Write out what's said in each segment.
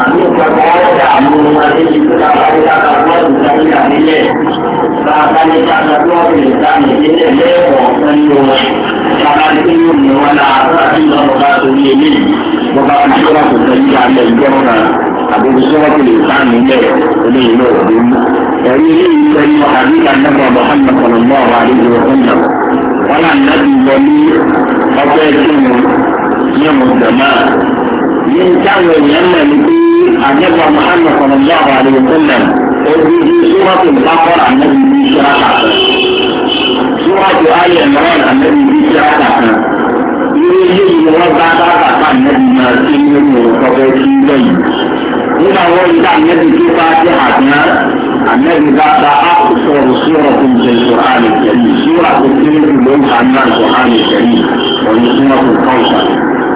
àbí ìjọba ọ̀dà àwọn ọmọdé ti kó bàbá ní káka bọ́ọ̀dù sáré àbílẹ̀ bàbá ní káka bọ́ọ̀dù ìsàmì ìdílé lẹ́ẹ̀kọ́ nínú wọn bàbá ní kí yóò ní wọn náà àbúrò àti ìjọba bá torí èmi bàbá ní kí wọn kò sọ yí alẹ́ ìjọba àbúrò sọ́wọ́ kò lè sàmì lẹ̀ eléyìí náà ò dún. ẹ̀rí eléyìí sẹ́yìn àbí ìdánilẹ́kọ̀ọ́ Muhammad sallallahu alaihi wa sallam wọn náà nàbí wọlé ọgbẹ́ ẹ̀kẹ́ wọn ní ọmọ ní táwọn èèyàn mọ̀ ní pé àjẹpọ̀ Muhammad kọ̀ọ̀nà bí àwọn àlejò tó lẹ̀ ojú bí súwọ́tò bákọ́rà ànábi bí ìṣẹ́ra kàkọ́ súwọ́tò ayé mìíràn ànábi bí ìṣẹ́ra kàkọ́ irú ilé yìí wọ́n bá bá bàbá ànábi máa ṣe ní omi ọ̀kọ́kọ́ sí lẹ́yìn nígbà wọ́n yí ànábi tó bá dé àgbà ànábi bá bá àkùsọ̀ súwọ́tò ìṣẹ̀lẹ̀ àlè kẹ́lì súwọ́tò tó ń lò ní àná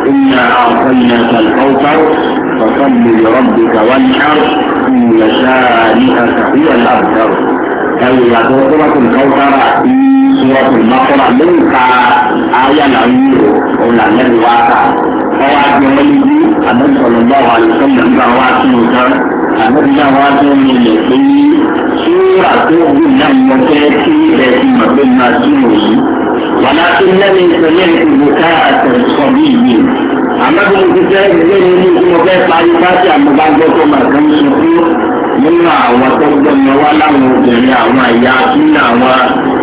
إنا أعطيناك الكوثر فصل لربك وانحر إن شانئك هو الأبتر ẹ̀rù ìyàtọ̀ sọ́wọ́tún kọ́ńtàrà sí sọ́wọ́tún mọ́kànlá lórí ka ayé àlàyé o ọ̀nà lẹ́nu wá kà ọwọ́ àti ọmọ níbi àbẹ̀sọ̀lọ̀ bá wà lẹ́sọ̀ nígbà wá sí i tán àbẹ̀sọ̀ náà wá sí i lè pé sóòrà tó gùn náà yọ fẹ́ kí ẹ̀ fi mọ̀ pé máa sí òyìn. ولكنني سمعت بكاء صبي àmọ́ bí mo ti fẹ́ gbé mi ní mo fẹ́ parí pátí àmúgbágbó tó máa kàn sọ fún nínú àwọn tó gbọ́ mi wá láwọn obìnrin àwọn àyà nínú àwọn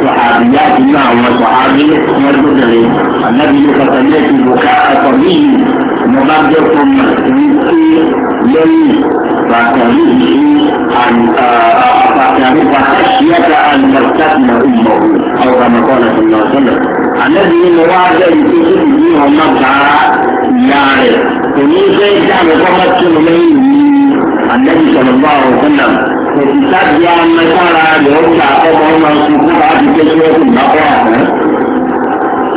sọ̀hábíyá nínú àwọn sọ̀hábí wọn tó tẹ̀lé ànábi ní pàtàkì ti bùkà ẹ̀kọ́ mi yìí mo bá gbé fún mi ní sí lẹ́yìn pàtàkì ní àǹtà تعرفها يدع أن ترتكن أمه أو كما قال صلى الله عليه وسلم الذي إن وعد يتوسط فيه ومدعى يعني كني سيد أن قمت النبي صلى الله عليه وسلم وكتاب يا مسارة لأوجع قومهما سكوها في كشوة البقرة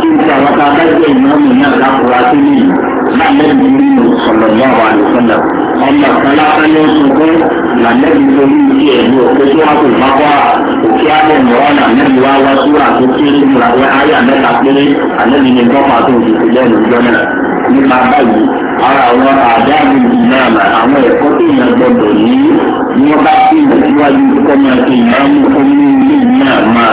تلك وتعتد إمام الناس أقرأتني مع النبي صلى الله عليه وسلم أما الصلاة يوسف lànàbí lórí iṣẹ́ ẹ̀mí ọ̀pẹ́ tó wá kò má kọ́ra òkè alẹ́ mọ́ra lànàbí wá wá súra tó ké sí múra pé àyà mẹ́ta péré ànàbí ni bọ́pà tó ti fi lẹ́nu ìjọ náà nípa báyìí ara àwọn àdáàbò ìmáàmà àwọn ẹ̀kọ́ tó yàn gbọdọ̀ yìí ni wọ́n bá sí ìwájú kọ́mọ̀ọ́sì ìmáàmù onílé ìmáàmà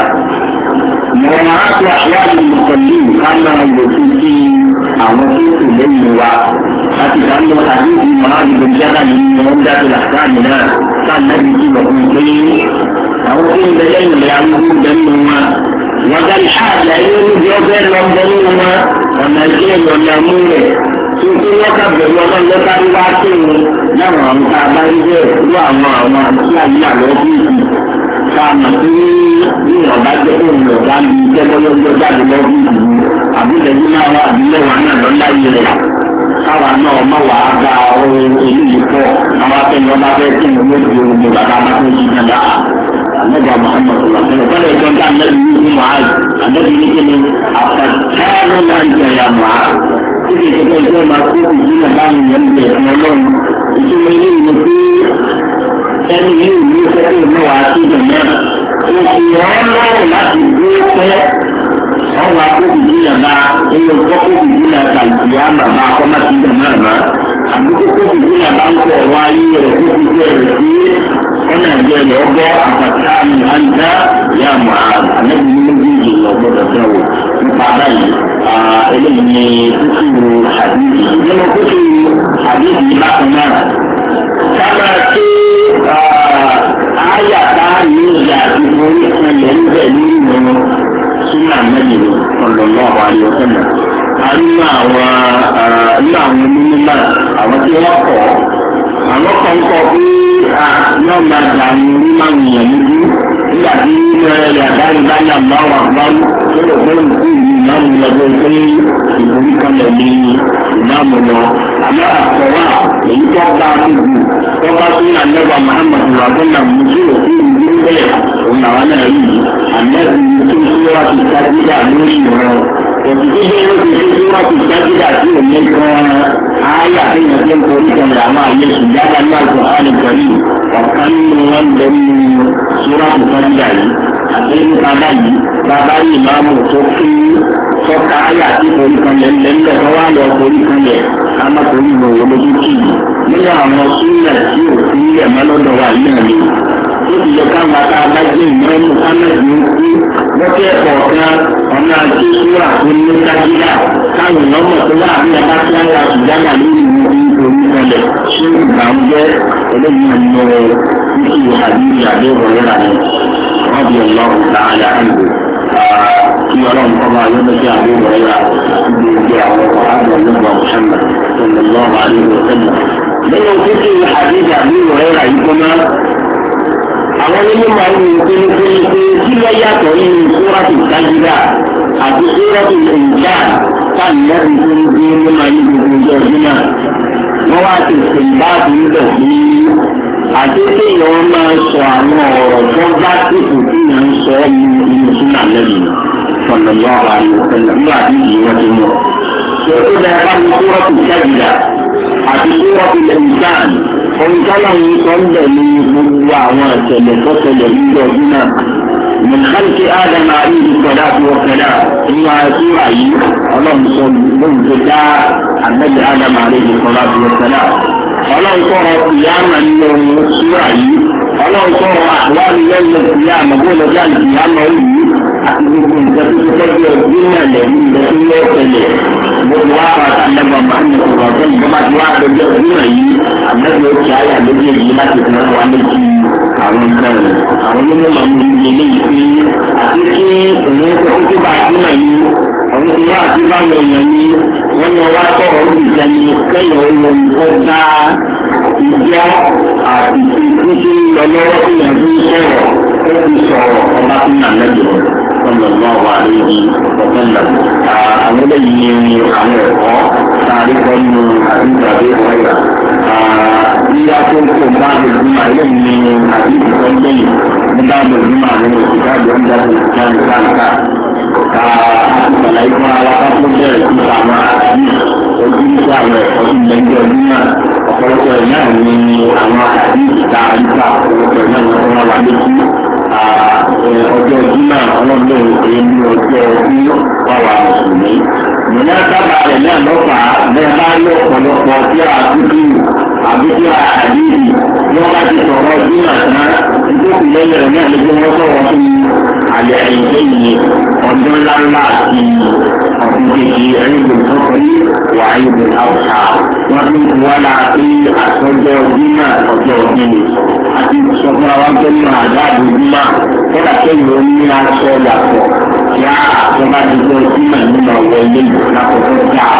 مراعاة أحوال المصلين كما يوصي àwọn tí kò lẹ́yìn wa láti dáná àdéhùn màálù gbèjára yìí ni wọ́n dájú làkàmì náà sáàlẹ́bí tí lọ́kùn pé àwọn tí ń bẹ lẹ́yìn rẹ̀ arúgbó bẹ nínú wa wọ́n dárí ṣáàlẹ̀ yóò níbi ọbẹ̀ lọ bẹ nínú wa ọ̀nà ìṣe ìrọ̀lẹ́ mú rẹ̀ tó tó lọ́kà bẹ̀rù ọmọ lọ́kà wá sí wọn láwọn àwọn tá ká mọ̀ pé ní ọ̀bá jẹ́ òun ọ̀bá ní tẹ́gbọ́yọ́gbọ́ jáde lọ bí ìlú àbílẹ̀jú náà wà àbílẹ̀ wà náà lọ́lá yìí rẹ̀ káwa náà má wà á gba ohun èyí pọ̀ àwọn akẹ́yìn ọba fẹ́ kí ni mo di ogun bàbá máa tó yí dada àlẹ́gbà Muhammad ọ̀làfẹ́lẹ̀ fẹ́lẹ̀ ìjọ ń dá àlẹ́bí ní ìlú mahal àlẹ́bí ní kíni àfẹ́kẹ́rẹ́ ìjọba ìjọba máa kó ẹni yìí ní sẹ́kì inú wa sí ìdùnnú oṣù ọlọ́run láti gbé pẹ́ ọwọ́ akókò ìdíyàmá ẹyọ gbọ́kókò ìdíyàmá ìdíyàmá máa kọ́ máa ti dùnnú àná àdúgbò kókò ìdíyàmá ń kọ̀ wá ayé rẹ̀ kókò ìdíyàmá sí ọ̀nà ìjọ ilẹ̀ ọgbọ́ àpàtà àmì àyíká ìyá àmọ́ sábà pé àyàtá ní ìyá àti orí kanlẹ̀ níbẹ̀ ní ìmọ̀ súnmọ́ àmẹ́lì ọ̀lọ́lọ́ àwọn àyọ̀kọ́nà. a nínú àwọn àwọn onímọ̀ àwọn tí wọ́n kọ̀ àwọn kan kọ pé yóò máa dààmú orí máa ń níbí nígbà tí yàrá ìbáyà bá wà báyìí lọ́dọ̀ pé òkú ìlú ìmáàmù lọ́dọ̀ pé ìborí kanlẹ̀ ní ìmáàmù lọ. àmọ́ àkọ́wà èyí tó bá a ti dù tó bá tó yà lẹ́wà Muhammad ràbọ́nà mùsí òkú ìlú bẹ́ẹ̀ òun làwọn náà yìí àmọ́ ìlú tó tó wá ti ká èyí tí bí yóò ṣe tí wọ́n sí òní kan ayé àfihàn tí ń torí kẹlẹ̀ àwọn àyè ìdájà ní àgbà ọ̀kan nínú wọn lẹ́nu sórà tó dájúdà yìí àti nípa báyìí bàbá yìí máa mú tó kí sọ́ka ayà tí forí kan lẹ̀ lẹ́lẹ̀ tó wá lọ forí kan lẹ̀ ká má forí lọ wọ lójú kì í nínú àwọn súnlẹ̀ tí ò sí ilẹ̀ mọ́ lọ́dọ̀ wa náà ni ó ti yẹ káwọn aká abájẹ́ ìmọ̀ọ́mù kámẹ́sì ń kú lọ́kẹ́ ọ̀kan ọ̀nà àti súrà tó ní kájíríà káwọn ìyọ́mọ̀ tó wà ní ẹ̀ka tí wọ́n wá sùdánà lórí ìwé orí kalẹ̀ ṣé ìgbà ń jẹ́ eléyìí ń lọ sí ìhàdí ìyàgbé ọ̀rẹ́ rà ní wọ́n di ọlọ́run láàyè àìgbò kí ọlọ́run kọ́ máa yọ́dọ̀ sí àbí ìrọ̀lá ibi ìgbé àwọn ọkọ̀ àbọ̀ nígbà mùsàmà tó ń lọ́ máa ní ìrọ̀lá. nínú títí àdéjì àbí ìrọ̀lá yìí kọ́ máa àwọn onímọ̀ máa ń wò pé pé pé kí lọ́ yàtọ̀ nínú sóràtì ìtajìdá àti sóràtì ìjà táà nẹ́ẹ̀sì tó ń gbé nínú ayé gbogbo ọjọ́ wọ́n wá ti pè báàbí ń bẹ̀ pé àdéhùn yẹn máa sọ àwọn ọ̀rọ̀ tó bá tìkù tí yẹn ń sọ ní inú súnà lẹ́yìn sọ̀nàmọ́ àlọ́ pẹ̀lú àdéhùn wọn ti mọ̀. Ṣé ó bá mi kúrọ́ kù sẹ́yìnlá àti kúrọ́ kù lẹ́yìn sáàn? Ohun táwọn ń sọ ń bẹ̀ ní gbogbo àwọn àtẹ̀lẹ̀ tó ọdún náà. من خلق آدم عليه الصلاة والسلام إما سورة اللهم صل من فتاة النبي آدم عليه الصلاة والسلام اللهم صل قياما من سورة اللهم صل أحوال يوم القيامة قول جل القيامة أتذكر تذكر الدنيا الذي لم يرتلي مطلقا تعلم محمد صلى الله عليه وسلم كما تعلم الدنيا الذي يرتلي الذي يجب أن يكون عملك عملك عملك عملك yìí àti kí òun kọ títí bá àdúrà yìí òun ti wá àti bá lọ yàn ní wọn lọ wá tọ ọdún ìjẹni kẹyọ ohun tó dá ìjọ àti títí lọ lọ́wọ́ tó yàn fún sọ̀rọ̀ ó fi sọ̀rọ̀ ọba tó nà lẹ́jọ́ ọlọ́gbọ́n wà lórí ọ̀gbọ́nlá àwọn eléyìí ni àwọn ẹ̀kọ́ tá a rí kọ́ nínú àdúgbò àbí ọ̀rẹ́yà yíyá tó ń kó báàbò ìgbìmọ̀ ayé mi àbí ìfọ̀ ń gbẹ̀yìn ní báàbò ìgbìmọ̀ àwọn òṣìṣẹ́ àjọ ń jáde ìjà ní káńtà ká àtìmọ̀lá ikú alápá tó bẹ̀rẹ̀ sí àwọn àbí ojú ìṣe àwọn ẹ̀kọ́ tó lẹ́jọ́ ìgbìmọ̀ ọ̀pọ̀lọpọ̀ ẹ̀ náà ní àwọn àbí ìta ìta ọ̀pọ̀lọpọ̀ ẹ̀ náà ní wọ́n wà lójú ọjọ́ ìgbìmọ̀ ọlọ́dún èyí ọjọ́ ìgbìmọ̀ mọ̀nà sábà rẹ̀ náà lọ́fàá bẹ́ẹ̀ bá rí ọ̀pọ̀lọpọ̀ tí a dúdú àbí tí a àdéhì wọ́n bá ti sọ̀rọ̀ bí àtúná títí kù lẹ́yìn rẹ̀ náà lójú wọn sọ̀rọ̀ fún àlẹ́ àyè به عيد الفطر وعيد الاضحى ولا في àtọjọ bímà ọjọ́ òbíni àti ìsọfún àwọn akẹ́lẹ́ àdáàbò bímà kọ́dà kẹ́yìn oní aṣọ yàtọ̀ kí á àtọ́bá ti gbọ́ bímà nínú ọ̀wọ́ ilé ìgbàlá kọ̀ọ̀kan dáa.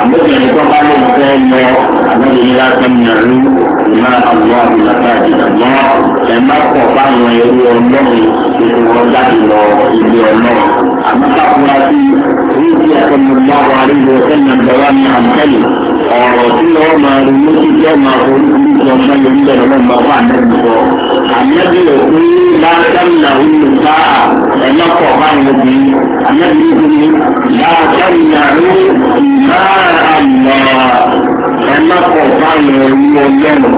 àbẹ̀bẹ̀rẹ̀ tó bá lè fẹ́ lọ àbẹ̀bẹ̀rẹ̀ lásán ní àlú ìmá àwọn àbùlàtà àjìdàmọ́ ẹ̀ má pọ̀ fáwọn ẹrú ọlọ́run ètò wọn jáde lọ ilé ọlọ́run. àbúkà fúnra sí orí ìdí ẹ̀kọ́ mi bá wà rí ìwọ̀sẹ̀ nàìjíríà ní àbẹ́lẹ̀ ọ̀rọ̀ tí wọ́n máa rí lójú tí wọ́n máa ronú bí wọ́n máa yọ nílẹ̀ lọ́wọ́ máa wà nẹ́bí lọ. àmẹ́bí ò pé látàmìnà òun bá ẹlọ́pọ̀ báwọn obìnrin àmẹ́bí ò pé látàmìnà òun bá àmọ́ ẹlọ́pọ̀ báwọn orí ọlọ́run lórí ẹ̀yọ́.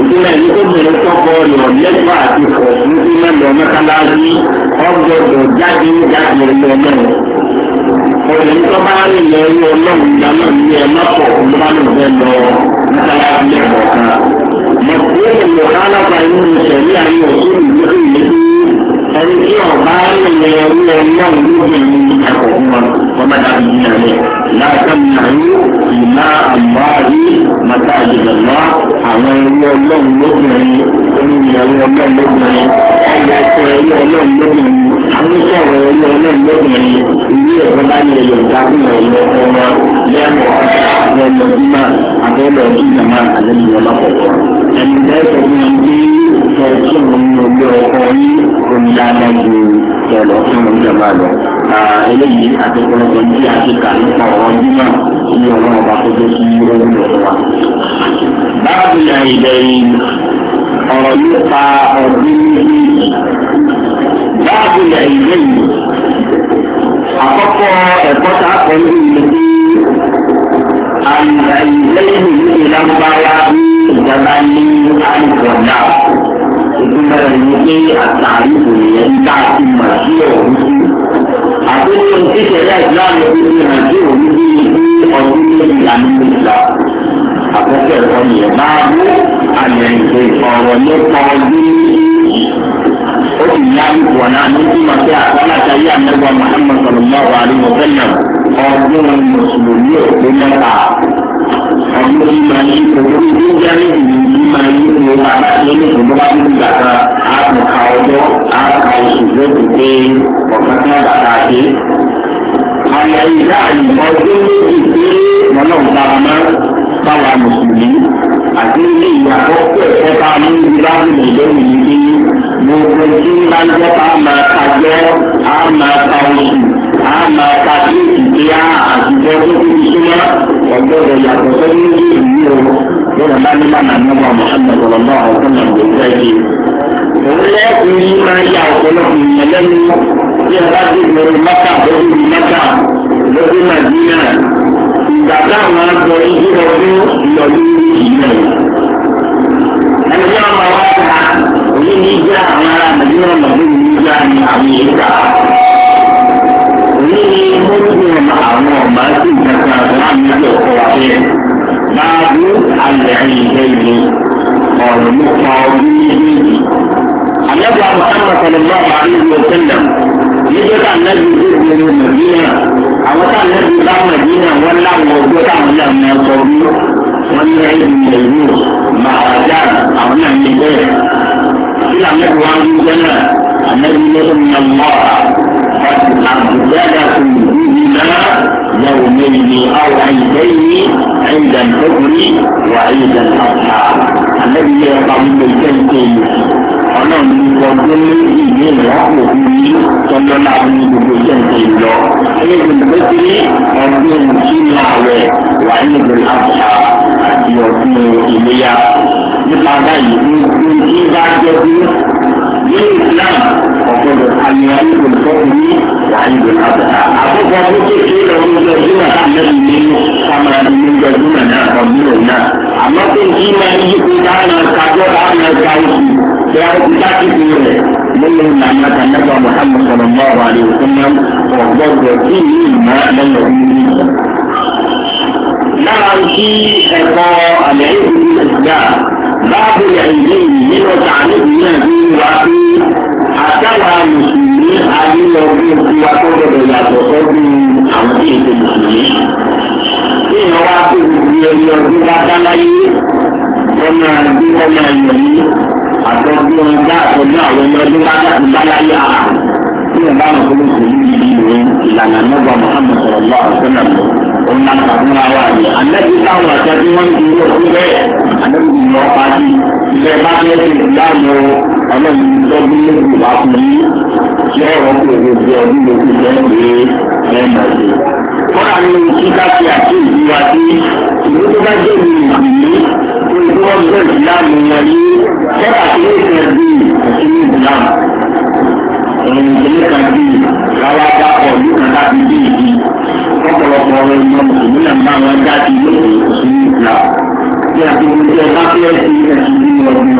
ìdílé yìí tó bẹ̀rẹ̀ tọ́kọ lọ lẹ́gbàá àti fọ̀ fún sílẹ̀ lọ mẹ́kálá rí ọgbọ̀dọ̀ jáde jáde ọlọ́run òyìn tó bá rí ilẹ̀ ẹ̀rí ọlọ́run ìgbà náà ní ẹ lọ́pọ̀ ló bá lòun fẹ́ lọ nígbàlá ilé ẹ̀kọ́ kan. mọ̀kúrò lò kálábà inú ìṣẹ̀lẹ̀ ayé òsínú nígbà yìí ẹni tí ọ̀bá rí ilẹ̀ ẹ̀rí ọlọ́run nígbà yìí ẹ̀kọ́ fún wọn wọ́n bá dàbí yìí náà lẹ̀. láàkàn náà ìlà àmọ́ àrí màtá àjẹ̀dẹ̀ lọ àwọn ẹ̀rí ọlọ́run lóbìnrin ní báwo ni àìdẹ̀yìn ọ̀rọ̀ nípa ọ̀gbìn níbi báàbù ẹ̀yẹ yìí. Àkọ́kọ́ ẹ̀kọ́ tá a kọ́ ní ìlú bí àyẹ̀yẹ yìí ní ìlànàbáyá ní ìjọba ní àìkọ̀dá. Ìgbìmọ̀ rẹ̀ ní pé àtàrí ìròyìn ń dá sí mọ̀ sí ọ̀hún sí. Àbúrò ìṣẹ̀lẹ̀ ìlànà ìgbìmọ̀ rẹ̀ sí òun bí ọdún méjìlá ní ìlà àkọ́kọ́ ẹ̀kọ́ yẹn máa bú àyẹ̀ǹde ọ̀rọ̀ nípa ọdún ó sì yá ìwọ̀n náà ní bí wọ́n ti àkọ́lá sáyé àmẹ́gbọ́ Muhammad sallallahu alaihi wa sallam ọdún mùsùlùmí òkú mẹ́ta ọdún yìí máa yí owó ìlú jáde ìlú yìí máa yí owó bàbá lónìí tó bá dúró gbàgbà àkùnkà ọjọ́ àkà oṣù lókùn pé ọ̀kan tí wọ́n bàtà ọdún méjì péré mọ́nà ń bá máa báwa mùsùlùmí àti ilé ìyàtọ̀ pẹ̀lú bá mú ìbáwí lẹ́yìn yìí ní gbogbo tí bá ń jẹ́ bá máa kájọ́ á máa ka oṣù á máa ka bí ìdíyà àtijọ́ tó fi súnmọ́ ọ̀gbọ́dọ̀ yàtọ̀ sẹ́yìn ní ìlú o lọ́dọ̀ bá ní màmá nígbà Muhammad ọ̀lọ́mọ ọ̀gbọ́n náà ló fẹ́ di. òun lẹ́kùnrin máa ya ọ̀pọ̀lọpọ̀ ìyẹn lẹ́nu bí ẹ bá dé ìgboro bàbá àwọn àgbọ̀ yìí lọ fún ìyọ̀lú ìyá yìí. ẹgbẹ́ ọmọ wa ta òní ní ìjà àwọn ará nàìjíríà màdúrà ní ìjà ní àwọn yìí òní ní mọ́tò àwọn ọ̀mà sí ìjàkà àwọn àmì ìjọkọ̀ ọ̀fẹ́. báàbù alẹ́ ìjẹ́ ìlú ọ̀rọ̀ nípa ọdún méjèèjì. àlẹ́ bá Muhammad sallallahu alayhi wa sallam níjọ́ tá ànábì ìlú ìlú mẹ̀dínà àwọn tá ànábì bá mẹ̀dínà wọn láwọn ọjọ́ táwọn náà máa sọ bí wọ́n ní ẹ̀yìn ìlú màájà àwọn náà ní bẹ́ẹ̀. kí làmẹ́bí wá ń gbẹ́ náà ànábì lọ́dún ní ọmọ àbùdáyà kò ní náà yàwó mẹ́rin ní àwọn àyìnbẹ́yìn ẹ̀yìn ìdàgbẹ́kùnrin wà ẹ̀yìn ìdàgbàkà ànábì yẹ ọlọ́run ní ọdún ní ìlú ìlọ́pọ̀ orí tọ́lọ́lá ní gbogbo iṣẹ́ ìṣe ìlọ. ẹni gbogbo ti ní ọdún sínú ààrẹ wà ní ìlú àbúrà àti ọdún ìléyà. nípa báyìí ní ti bá jẹ́ bí ní ìsìlámù àtẹ̀lẹ̀ àmì àyẹ̀wò ìfọ́kùnrin àyẹ̀wò àbẹ̀tà. Àkókò tó kéèké lọ́wọ́ ní ọdúnmọ̀ àmẹ́bí nínú kámẹ́rà nínú ọdúnmọ̀ náà ọ̀gbìnrin náà. Àmọ́ tó ń kí máa ń yí kó dáná kájọ́ dáná ká oṣù tí a kó dá sí fún rẹ̀. Lẹ́yìn ìlànà kanáfà Mùhàmmad sọ̀rọ̀ mọ́ ọ̀rọ̀ àlè òkúnmọ́ ọ̀gbọ́dọ̀ tí ìlú kí ẹ̀kọ́ àlẹ́ ìlú báàbò ẹ̀yìn nínú ọjà níbi náà bí wá sí àtàwà mùsùlùmí ayélujára tí wá tó gbọdọ̀ yàtọ̀ sọ́dún àwọn tí èdè mùsùlùmí. Bí ìyẹn wá sí ibi ẹni ọdún bá dá láyé, ọmọ àgbẹ̀ ọmọ ẹ̀yọ̀ yìí, àtọ́jú ọjà àtọ́jú àwọn ọmọ ọdún bá dá láyé àrà. Bí ìyẹn bá wọn kó lóṣèlú yìí ìlànà mọ́gbà Mùhàmmad sọ̀rọ̀ òun náà kàdúrà wà ní táwọn àti wọn ti yọ sí bẹ́ẹ̀ àlẹ́bí ti lọ pàdé ilẹ̀ bá fẹ́ ti láàmú ọlọ́run lọ́dún lójú wá fún yí ṣé ọ̀rọ̀ kò ọdún lójú jẹ́ pé ẹ mọ̀ sí. kọ́ra ní kíkà àti ìdíwá sí ìlú tó bá jẹ́ ìlú ìlú tó ń gbọ́ ìsìlámù wọn yí kẹ́kà sí ìfẹ́ bíi ọ̀pọ̀lọpọ̀ ọ̀rọ̀ ìmọ̀ mùsùlùmí náà máa wọn jáde lórí òsì ìgbà. Bí a ti wọlé ẹ bá fẹ́ sí ẹ̀sìn nínú ọdún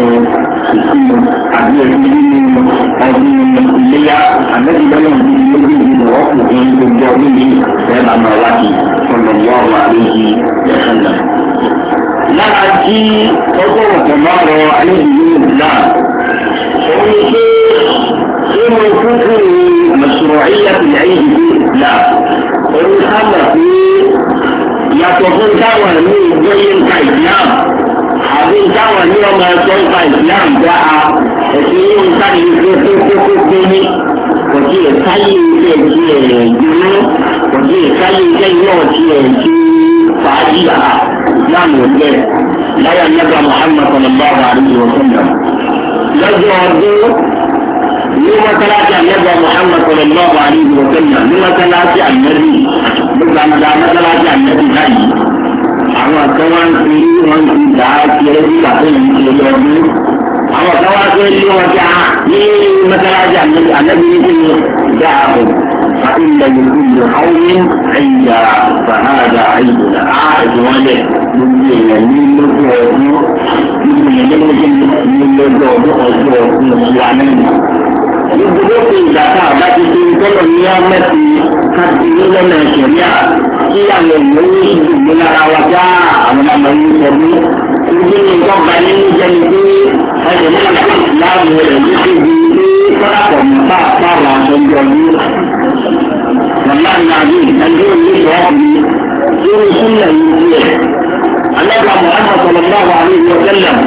ìsìn àbí ẹ̀sìn nínú ọdún ìléyà ọgọ́rùn-ún kan máa rọ àlejò náà nínú kúkú mẹsùrọ̀ ayélujára yìí là òun sábà pé yàtọ̀ fún táwọn ní ìgbóyè nǹka ìsìlám àbí táwọn ní ọmọ ẹ̀sọ́ nǹka ìsìlám dá a ẹ̀sìn yìí ń sáyé kókó kókó kóní kò sí ìsáyé iṣẹ́ ti ẹ̀ dúró kò sí ìsáyé iṣẹ́ náà ti ẹ̀ ti fàájì àá ìsìlám ò bẹ́ẹ̀ láyà nígbà Muhammad sallallahu alaihi wa sallam lọ́jọ́ ọdún ní mọ́sálásí àlẹ́bà Muhammad sallallahu alaihi wa sallam ní mọ́sálásí àlẹ́bì nígbà nígbà mọ́sálásí àlẹ́bì báyìí àwọn kan wá ń fi rí wọn ti dà á kéré bí àtẹ̀yìn ṣe lọ bí àwọn kan wá fẹ́ rí wọn ti hàn ní mọ́sálásí àlẹ́bì àlẹ́bì ní kí ni dáàbò àti ìlànà ìlú àwọn ẹ̀yà gbogbo èèyàn ní lógún ọdún gbogbo èèyàn ní lógún ní lógún ọdún ọjọ́ ọdún wa nínú. Ibùdó ti ìgbà tá a bá ti ṣe tọ́lọ̀ ní ọmẹ́sì káàkiri ní lọ́nà ìṣẹ̀lẹ̀ à kí àwọn èèyàn ní ìdùnnú lára wa já àwọn àmọ́ yìí sọ bí. Ibi ní nǹkan bá ní ní jẹ́ni pé ẹ̀jẹ̀ náà lè láàmú rẹ̀ ní síbi ní kọ́lápọ̀ ní pàápàá àṣọ ìjọba. Màmá mi àbí ìtàgé òní ìwádìí lórí sílẹ̀ yìí وسلم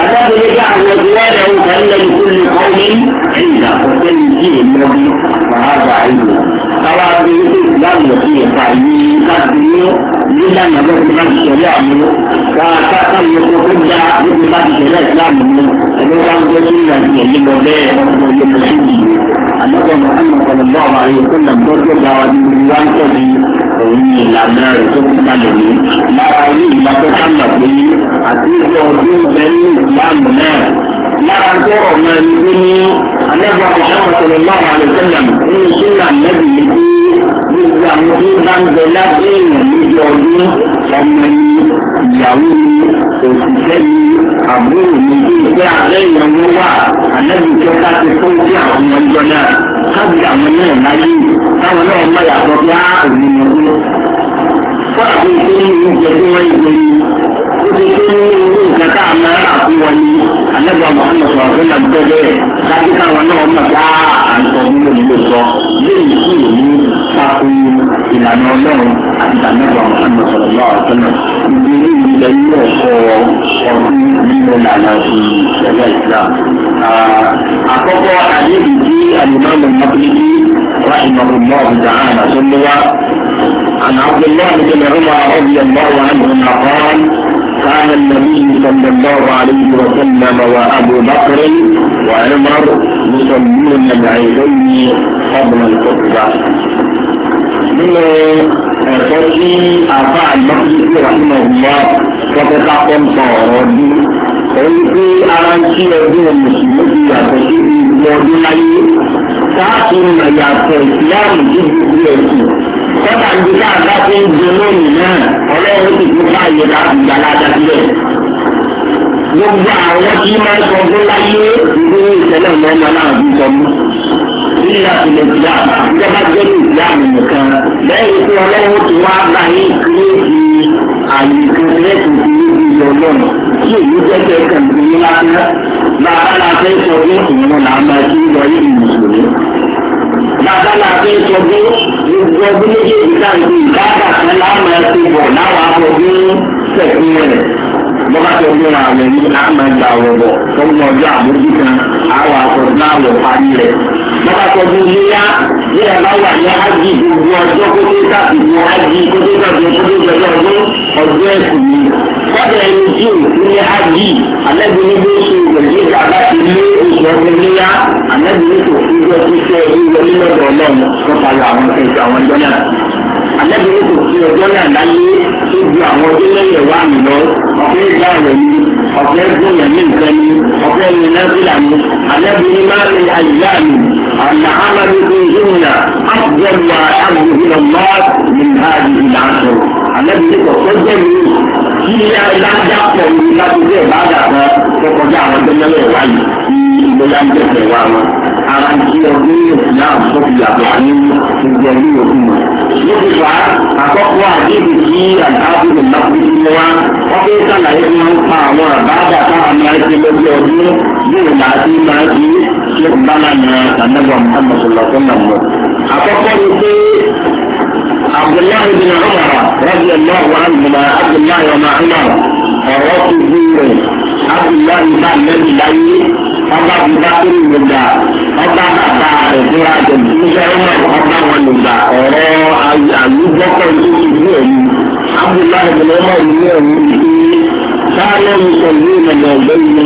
أنه يجعل وزواجه فإن لكل قوم عنده وكل شيء الذي فهذا علمه ترى في الإسلام وفي تعيين قدره لما نبغي من الشريعة كأساسا يقول بما في الإسلام منه أنه كان يقول لك يجب أن يكون àlọ́dọ̀ Muhammad sallallahu alaihi wasallam tó tó gba wa ní wá ń tẹ̀lé òun ní ìlànà rẹ̀ tó ti balẹ̀ ní. lára ilé ìgbà tó kàn lọ pé àti ìjọ ọdún lára tó ọ̀nà ìlú ní alẹ́gbà Muhammad sallallahu alaihi wasallam nínú sílẹ̀ àmẹ́bí yìí tí gbogbo àwọn tí bá ń bẹ lábẹ́ èèyàn níbi ọdún ọmọ ni ìyàwó ni òṣìṣẹ́ ni àbúrò ni bí ìgbé àárẹ̀ ìyàwó wà alẹ́bí tó bá ti fún sí àwọn ọjọ́ náà káàbí àwọn náà láyé táwọn náà mọ̀ yàtọ̀ bí á òní ni wọ́n. fọ́nà tó ń gbé ní ìjẹ́ tí wọ́n ń gbé ó ti tó ní irú nǹkan tá a máa àlẹ́gbà mọ̀hánà sọ̀rọ̀ fún mi gbẹ́gbẹ́ láti káwọn náà mọ̀ bá ah, àǹtọ̀ nínú ìlú sọ léyìí kú ìlú tako ìlànà ọlọ́run àti àlẹ́gbà mọ̀hánà sọ̀rọ̀ náà fún mi. ìdí ní ilẹ̀ yìí ọ̀sọ̀ ọdún nínú ìlànà ìṣẹ̀lẹ̀ Islam. Ah, àkọ́kọ́ àdébì tí àlùmọ́ọ̀mù mọ́kìlì رحمه الله تعالى ثم عن عبد الله بن عمر كان النبي صلى الله عليه وسلم وابو بكر وعمر يصلون العيدين قبل الخطبه nínú ẹ̀kọ́ tí àfa àgbàkúndé rahman ọ̀gbà tọ́kítà tó ń sọ ọ̀rọ̀ bí òun pé ara ń kí ọdún mùsùlùmí yàtọ̀ sí ibi ọdún láyé káàkiri nàyàtọ̀ ìsìláàmù tó gbogbo ẹ̀sìn kọ́tà ń bí káàdá tó ń gbé lónìí náà ọlọ́run sì fún báyìí láti gbà láti sílẹ̀. gbogbo àwọn tí máa ń sọ fún láyé ìlú ìṣẹ̀lẹ̀ ọmọ ọmọ náà bí sọ mú. nígbà tí lè gbà ìjọba jẹ́ ní ìyá mi nìkan lẹ́yìn tí ọlọ́run ti wá bá yín kúrò di àyè kan lẹ́kùn sí ibi ìlú ọlọ́run tí èyí jẹ́ kẹ́kẹ́ ìgbìyànjú láti rẹ̀. bàbá la fẹ́ sọ fún ìwọ̀n làwọn máa ti ń lọ yé ìmùsùlùmí. bàbá la fẹ́ sọ fún gbogbo ọdún méjèèjì káàkiri ìdáàbà kan láàmú ẹsẹ̀ bọ̀ láwọn afọdún sẹ̀kún rẹ̀ bọ́lá tó gbé ra rẹ̀ ní àmà ìgbà ọ̀rọ̀ tó ń lọ ọjọ́ àbójú kan àwọn afọdún àwọ̀ parí rẹ̀ bọ́lá tó gbé yíyá ní ẹ̀ka wà ní ájì gbogbo ọjọ́ kó tó tàbí ní ájì kó tó tàbí kó tó tàbí ọdún ọdún ẹ̀sìn yìí. Fọ́dà ẹni tí ò fún ní ájì, àlẹ́bí ní bó ṣe ìgbẹ̀jì ìgbà láti lé oṣù ọdún léyà, àlẹ́bí ní kò fún ọjọ́ tó tẹ́ ìwọlé lọ́dọ̀ ọlọ́run tó tayọ àwọn ìgbà àwọn ìjọ náà àlẹ́bí ní kò sí ọjọ́ náà láyé tó ju àwọn ọjọ́ lẹ́yìn wá mi lọ ọ̀fẹ́ ìgbà rẹ̀ ni ọ̀fẹ́ gbóyè ní nǹkan ni ọ̀fẹ́ ní nàbílà ni àlẹ́bí ní máa ní àyíká mi àlà ámàlú tó ń yé wùnà àgbẹ̀wò àgbègbè lọ́wọ́ ní báyìí ìlànà àlẹ́bí ní kò sọ́jọ́ mi kí ní alájà pọ̀ ní láti dé ìbáàdà kan tó kọjá àwọn ọjọ́ lẹ́yìn wá yìí bóyá bẹ̀rẹ̀ wá wọn. ara tí ọdún yóò fi náà sọ fi yàtọ̀ sí ìjẹ ní òkú mọ̀. ló ti fà á àkọ́kọ́ àdébì tí àdáàbòbò náà fi ti wá wọ́n fẹ́ sàlàyé fún wọn pa àwọn àbáàbà táwọn máa ń ṣe lójú ọdún yóò máa ti máa ti ṣe ìbálànà àtàlẹ́gbà mọ́tàmọ́sọ̀lọ́sọ̀ náà mọ́. àkọ́kọ́ ni pé Abdullahi bin Umar radiyallahu anhu wa ma Umar ọ̀rọ̀ tó gbé rẹ̀ ábùlá ìbá lẹ́yìn láyé ọba bíbá tó lè gbà ọba bàbá rẹ̀ tó ra jẹ̀ nígbàrúwà ọba wọn lè gbà ọ̀rọ̀ àyùbọ́kọ̀ tó ti gbé ẹ̀mí ábùlá ìbẹ̀rẹ̀ ọmọ ìlú ẹ̀mí ìdí sáálẹ̀ mi pẹ̀lú ìlànà ọ̀gbẹ́ ìlú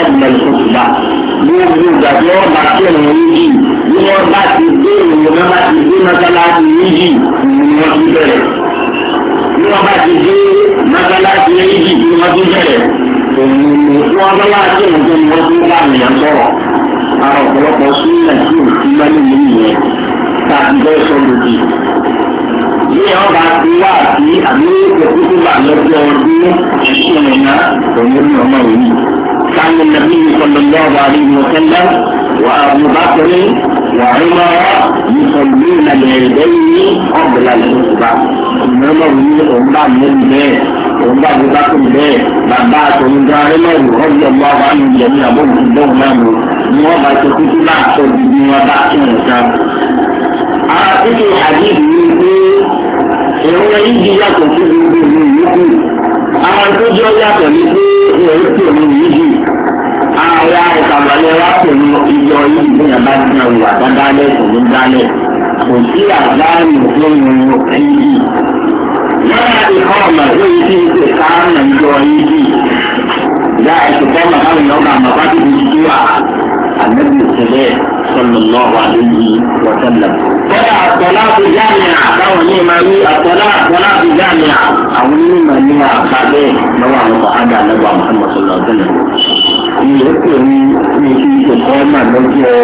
ọ̀gbẹ́ ìfọ̀tùbà gbogbo ìgbà tí wọ́n bá kí ẹ̀rọ méjì bí wọ́n bá ti dé ìròyìn ní ti dé mọ́sálásí èyí tí wọ́n ti bẹ̀rẹ̀ òun wọn bá wá sí òun tó ń sọ̀rọ̀ ara ọ̀pọ̀lọpọ̀ sílẹ̀ tí ò sí lẹ́nu mi nìyẹn tàbí bẹ́ẹ̀ sọ lòdì. bí ọba ti wá àti àmúlòpọ̀ kúkú bá lọ́jọ́ ọdún ẹ̀ṣin ẹ̀yà òun ní ọmọ yìí. sáyẹn nàbí mi sọ̀rọ̀ lọ́wọ́ وأبو بكر وعمر يصلون العيدين قبل الخطبة عمر عمر من بيت عمر أبو بكر بيت bàbá àtòmíga ẹlẹ́rù ọ̀dọ̀ ọmọ àwọn àyùjẹ̀mí àbọ̀dùdọ̀ mẹ́mu ni wọ́n bá ti kúkú náà sọ bíbí wọn bá tún nǹkan. ara títí àdìdì ni pé ìrora yìí di yàtọ̀ sí gbogbo ìlú yìí kù. ara tó jọ yàtọ̀ ni pé ìrora tó ìlú yìí kù àwọn ìtàgbàlẹ̀ wa kò ní ìjọ yìí ìgbìyànjú bá ti náà wà dáadáa kò ní dálẹ̀ kò sí àdáàlù tó ń lo ẹyí. lọ́nà ìkọ́ ọ̀nà lórí tí ń pè káàmù ìjọ yìí ìyá ìṣùkọ́ màmá mi lọ́kà màmá tó ti tú wa ànábì òṣèlè sọlọ́lọ́ wa lórí wọ́tẹ́lẹ̀. bọ́dà àtọ́lá ti jáde àtàwọn ní ìmọ̀ ní àtọ́lá àtọ́lá ti jáde àwọn onímọ̀ ní ìyókè ní ibi ìṣèkọ́ náà lọ́jọ́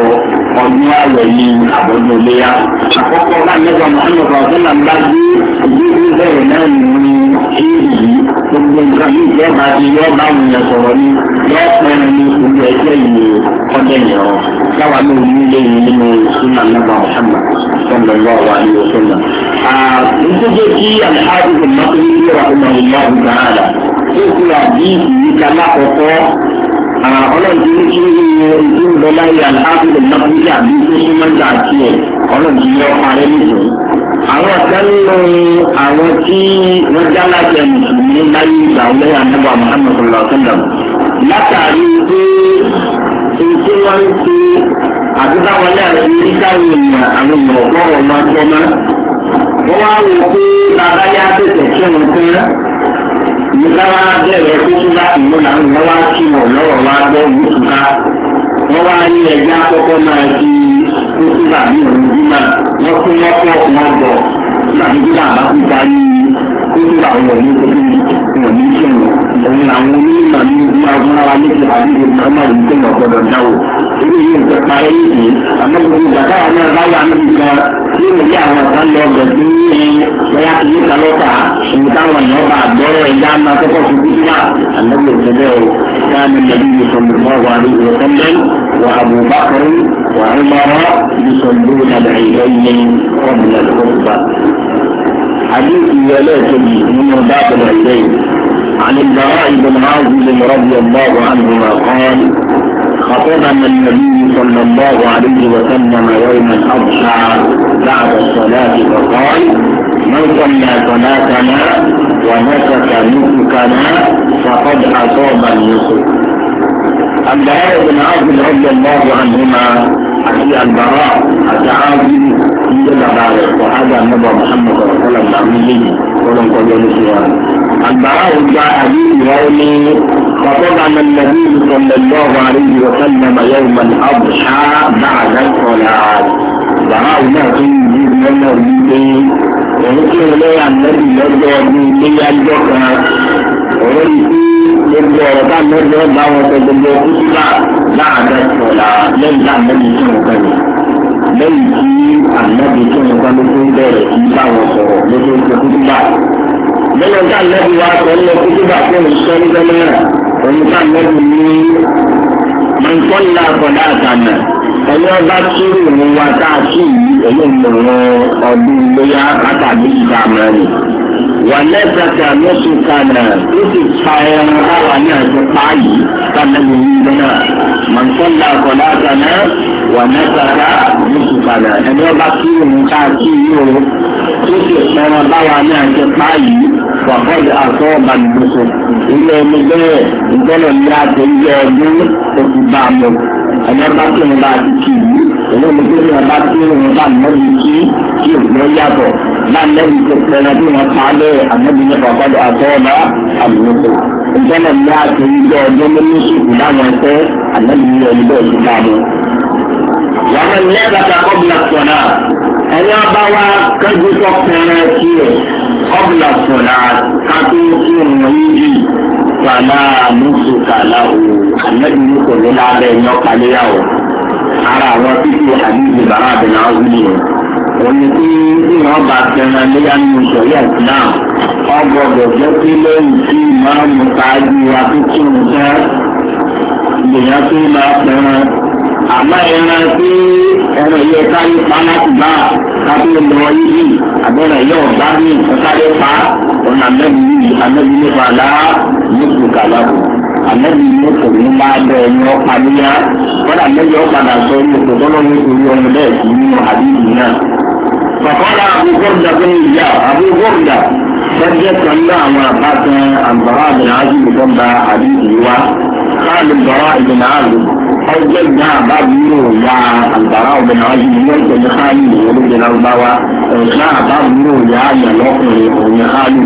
ọdún àwẹ̀ ní àbọ̀dún bá ti yọ bá wọn yẹn sọ̀rọ̀ ní lọ́pọ̀ ní gbogbo ẹgbẹ́ ìlú ọdẹ yẹn ọ. ní òun ilé yìí nínú súnà nígbà ọ̀sánà sọ̀rọ̀ lọ́wọ́ wa ní ọ̀sánà. àtúntò tí àlùfáà ti mọ́tò ní ìlú ọ̀sánà Ah, ọlọ́run ti ní kí ìdí ń bẹ láyé àlàáfíà lọ́kùnrin àbí tó súnmọ́ ìgbà àti ẹ̀ ọlọ́run ti yọ ààrẹ nìkan. àwọn ọ̀sẹ̀ nínú àwọn tí wọ́n já láti ẹ̀mí ní láyé ìgbà lẹ́yìn àdébọ̀ àmọ́ sọ̀rọ̀ ọ̀sẹ̀dọ̀ látàrí pé ètò wọn ti àti táwọn ilé àti oníkàwé ènìyàn àwọn ènìyàn ọ̀pọ̀ ọ̀ma gbọ́mọ́ wọ́n wá wò pé bàbá yá tètè kí ìgbàwá bẹ̀rẹ̀ kókó láti mú làwọn ìgbàwá kí mọ̀ lọ́rọ̀ wá gbọ́ ìgbòkúta wọ́n wá ní ẹgbẹ́ àkọ́kọ́ náà di kókó làbí òun bímọ wọ́n kún wọ́n pọ̀ wọ́n bọ̀ làbí bímọ àbá kúta ní kókó làwọn òun kókó òun ní kí òun làwọn onímọ̀ ní máa múra wa ní ti àbí ìmọ̀ọ́mọ̀ ìgbé ọ̀gbọ́dọ̀ dáwò irú yìí nǹkan parí yìí àmọ́ gbogbo bàtà àwọn náà báyà ń bí gan yóò mú bí àwọn kan lọ bẹ̀ sí ní bóyá kì í kalọ́ta ìlú táwọn èèyàn bá gbọ́rọ̀ ẹ̀yà máa kọ́kọ́ fi kú síwá àlọ́gbẹ̀ ìṣẹ̀lẹ̀ o ní ìrọ̀sọ́lẹ̀ wà عن البراء بن عازل رضي الله عنهما قال خطبنا النبي صلى الله عليه وسلم يوم الاضحى بعد الصلاه فقال من صلى صلاتنا ونسك نسكنا فقد اصاب النسك البراء بن عازل رضي الله عنهما حكي البراء حتى عازب يقول الصحابه النبي محمد صلى الله عليه وسلم ولم يقل له البراء بن أبي يومي فطلب النبي صلى الله عليه وسلم يوم الأضحى بعد الصلاة براء náà tún yí lọ́nà wípé òun tí ó lé ànábì lọ́jọ́ ọdún iléyájọ́ kan òun rí sí gbogbo ọ̀rọ̀ bá lọ́jọ́ bá wọn sọ gbogbo kúkúrà láàdá sọ̀la lẹ́yìn tí ànábì tún ń kọ́ni lẹ́yìn tí ànábì tún ń kọ́ni tó ń bẹ̀rẹ̀ sí bá wọn sọ̀rọ̀ lójú kúkúrà lọ́wọ́ tá lẹ́bi wa sọ lọ kó tó bá fún un sọ ní sẹ́mẹ́rà òun tá lẹ́bi ní mọ̀nkọ́lá àkọ́dá àtànà ẹni ọba kiri ìrìn wa tá a kì í ẹ̀yìn mọ̀rọ̀ ọdún lóyá látàbí ìgbà mẹ́rin wà lẹ́sàkà lọ́sù kànà ó sì fa ẹran báwa ní àjọpá yìí tá lẹ́bi ní sẹ́mẹ́rà mọ̀nkọ́lá àkọ́dá àtànà wà mẹ́tàdá yóò padà ẹni ọba kí òun ká kí yóò tó sì pẹran báwa ní àjẹ páàyì wàkọ́ọ̀dì àtọ́ ọba nìgbòkò ilé ẹni bẹ́ẹ̀ ìgbọ́nà ní àjẹ ilé ọdún oṣù bá a mọ̀ ẹni ọba kí òun bá a ti kì í èmi ní kí òun bá kí òun bá nẹ́bi kí kí òun yàtọ̀ bá nẹ́bi tó pẹran bí wọ́n pa á lẹ́yìn àmọ́bi ní wàkọ́ọ̀dì àtọ́ ọba àmúkò ìgbọ́nà ní àjẹ ilé ọdún mímú sùkú láwọn ẹgbẹ́ àmọ́bi ní ẹni bẹ́ẹ̀ ti bá a mọ̀ wàá lẹ́ẹ̀bà ta kọ́bùlà sọ̀nà ẹni ọba wa kájú tó pẹ̀rẹ̀ sí ẹ̀ kọ́bùlà sọ̀nà kátó sí ọ̀nà yìí fàlà àmúṣe fàlà o àmẹ́bí ní kò ní lábẹ́ ẹ̀yọ́ kàléyà o ara àwọn títí àdìsí bàrà àbẹ̀nà ọ̀gbìn yẹn òní tí ìwọ̀n bá tẹ̀rẹ̀ léyà nínú ìṣòyẹ̀ náà ọgbọ̀dọ̀ jẹ́ pé lẹ́yìn tí máa ń mú àmọ́ ẹran tí ẹran yẹ káyé pa láti bá kábí lọ yìí àbẹ̀rẹ̀ yọ bá ní ìfọ̀káyé pa ọ̀nà àmẹ́bí yìí àmẹ́bí nípa àlá nípò kàlàkù àmẹ́bí ní kò ní máa bẹ ẹni ọ̀pá níyà wọ́n àmẹ́bí ọ̀padà sọ ní kò tọ́lọ́ ní orí ọmọ bẹ́ẹ̀ sí nínú àdéhùn náà. Bàbá àbúkọ́ ìdàgbọ́n ìyá àbúkọ́ ìdà sọ́jẹ́ kan náà àwọn àbátan àbúrò àbẹ̀rẹ̀ àjùmọ̀ tó jẹ́ ìgbà àbábí yóò ya àgbàrá ọ̀bẹ̀nà wájú ní ọ̀sẹ̀ ní káàlì olóògbé lárúbáwá ẹ̀gbà àbábí yóò ya àyàn lọ́kùnrin òun káàlì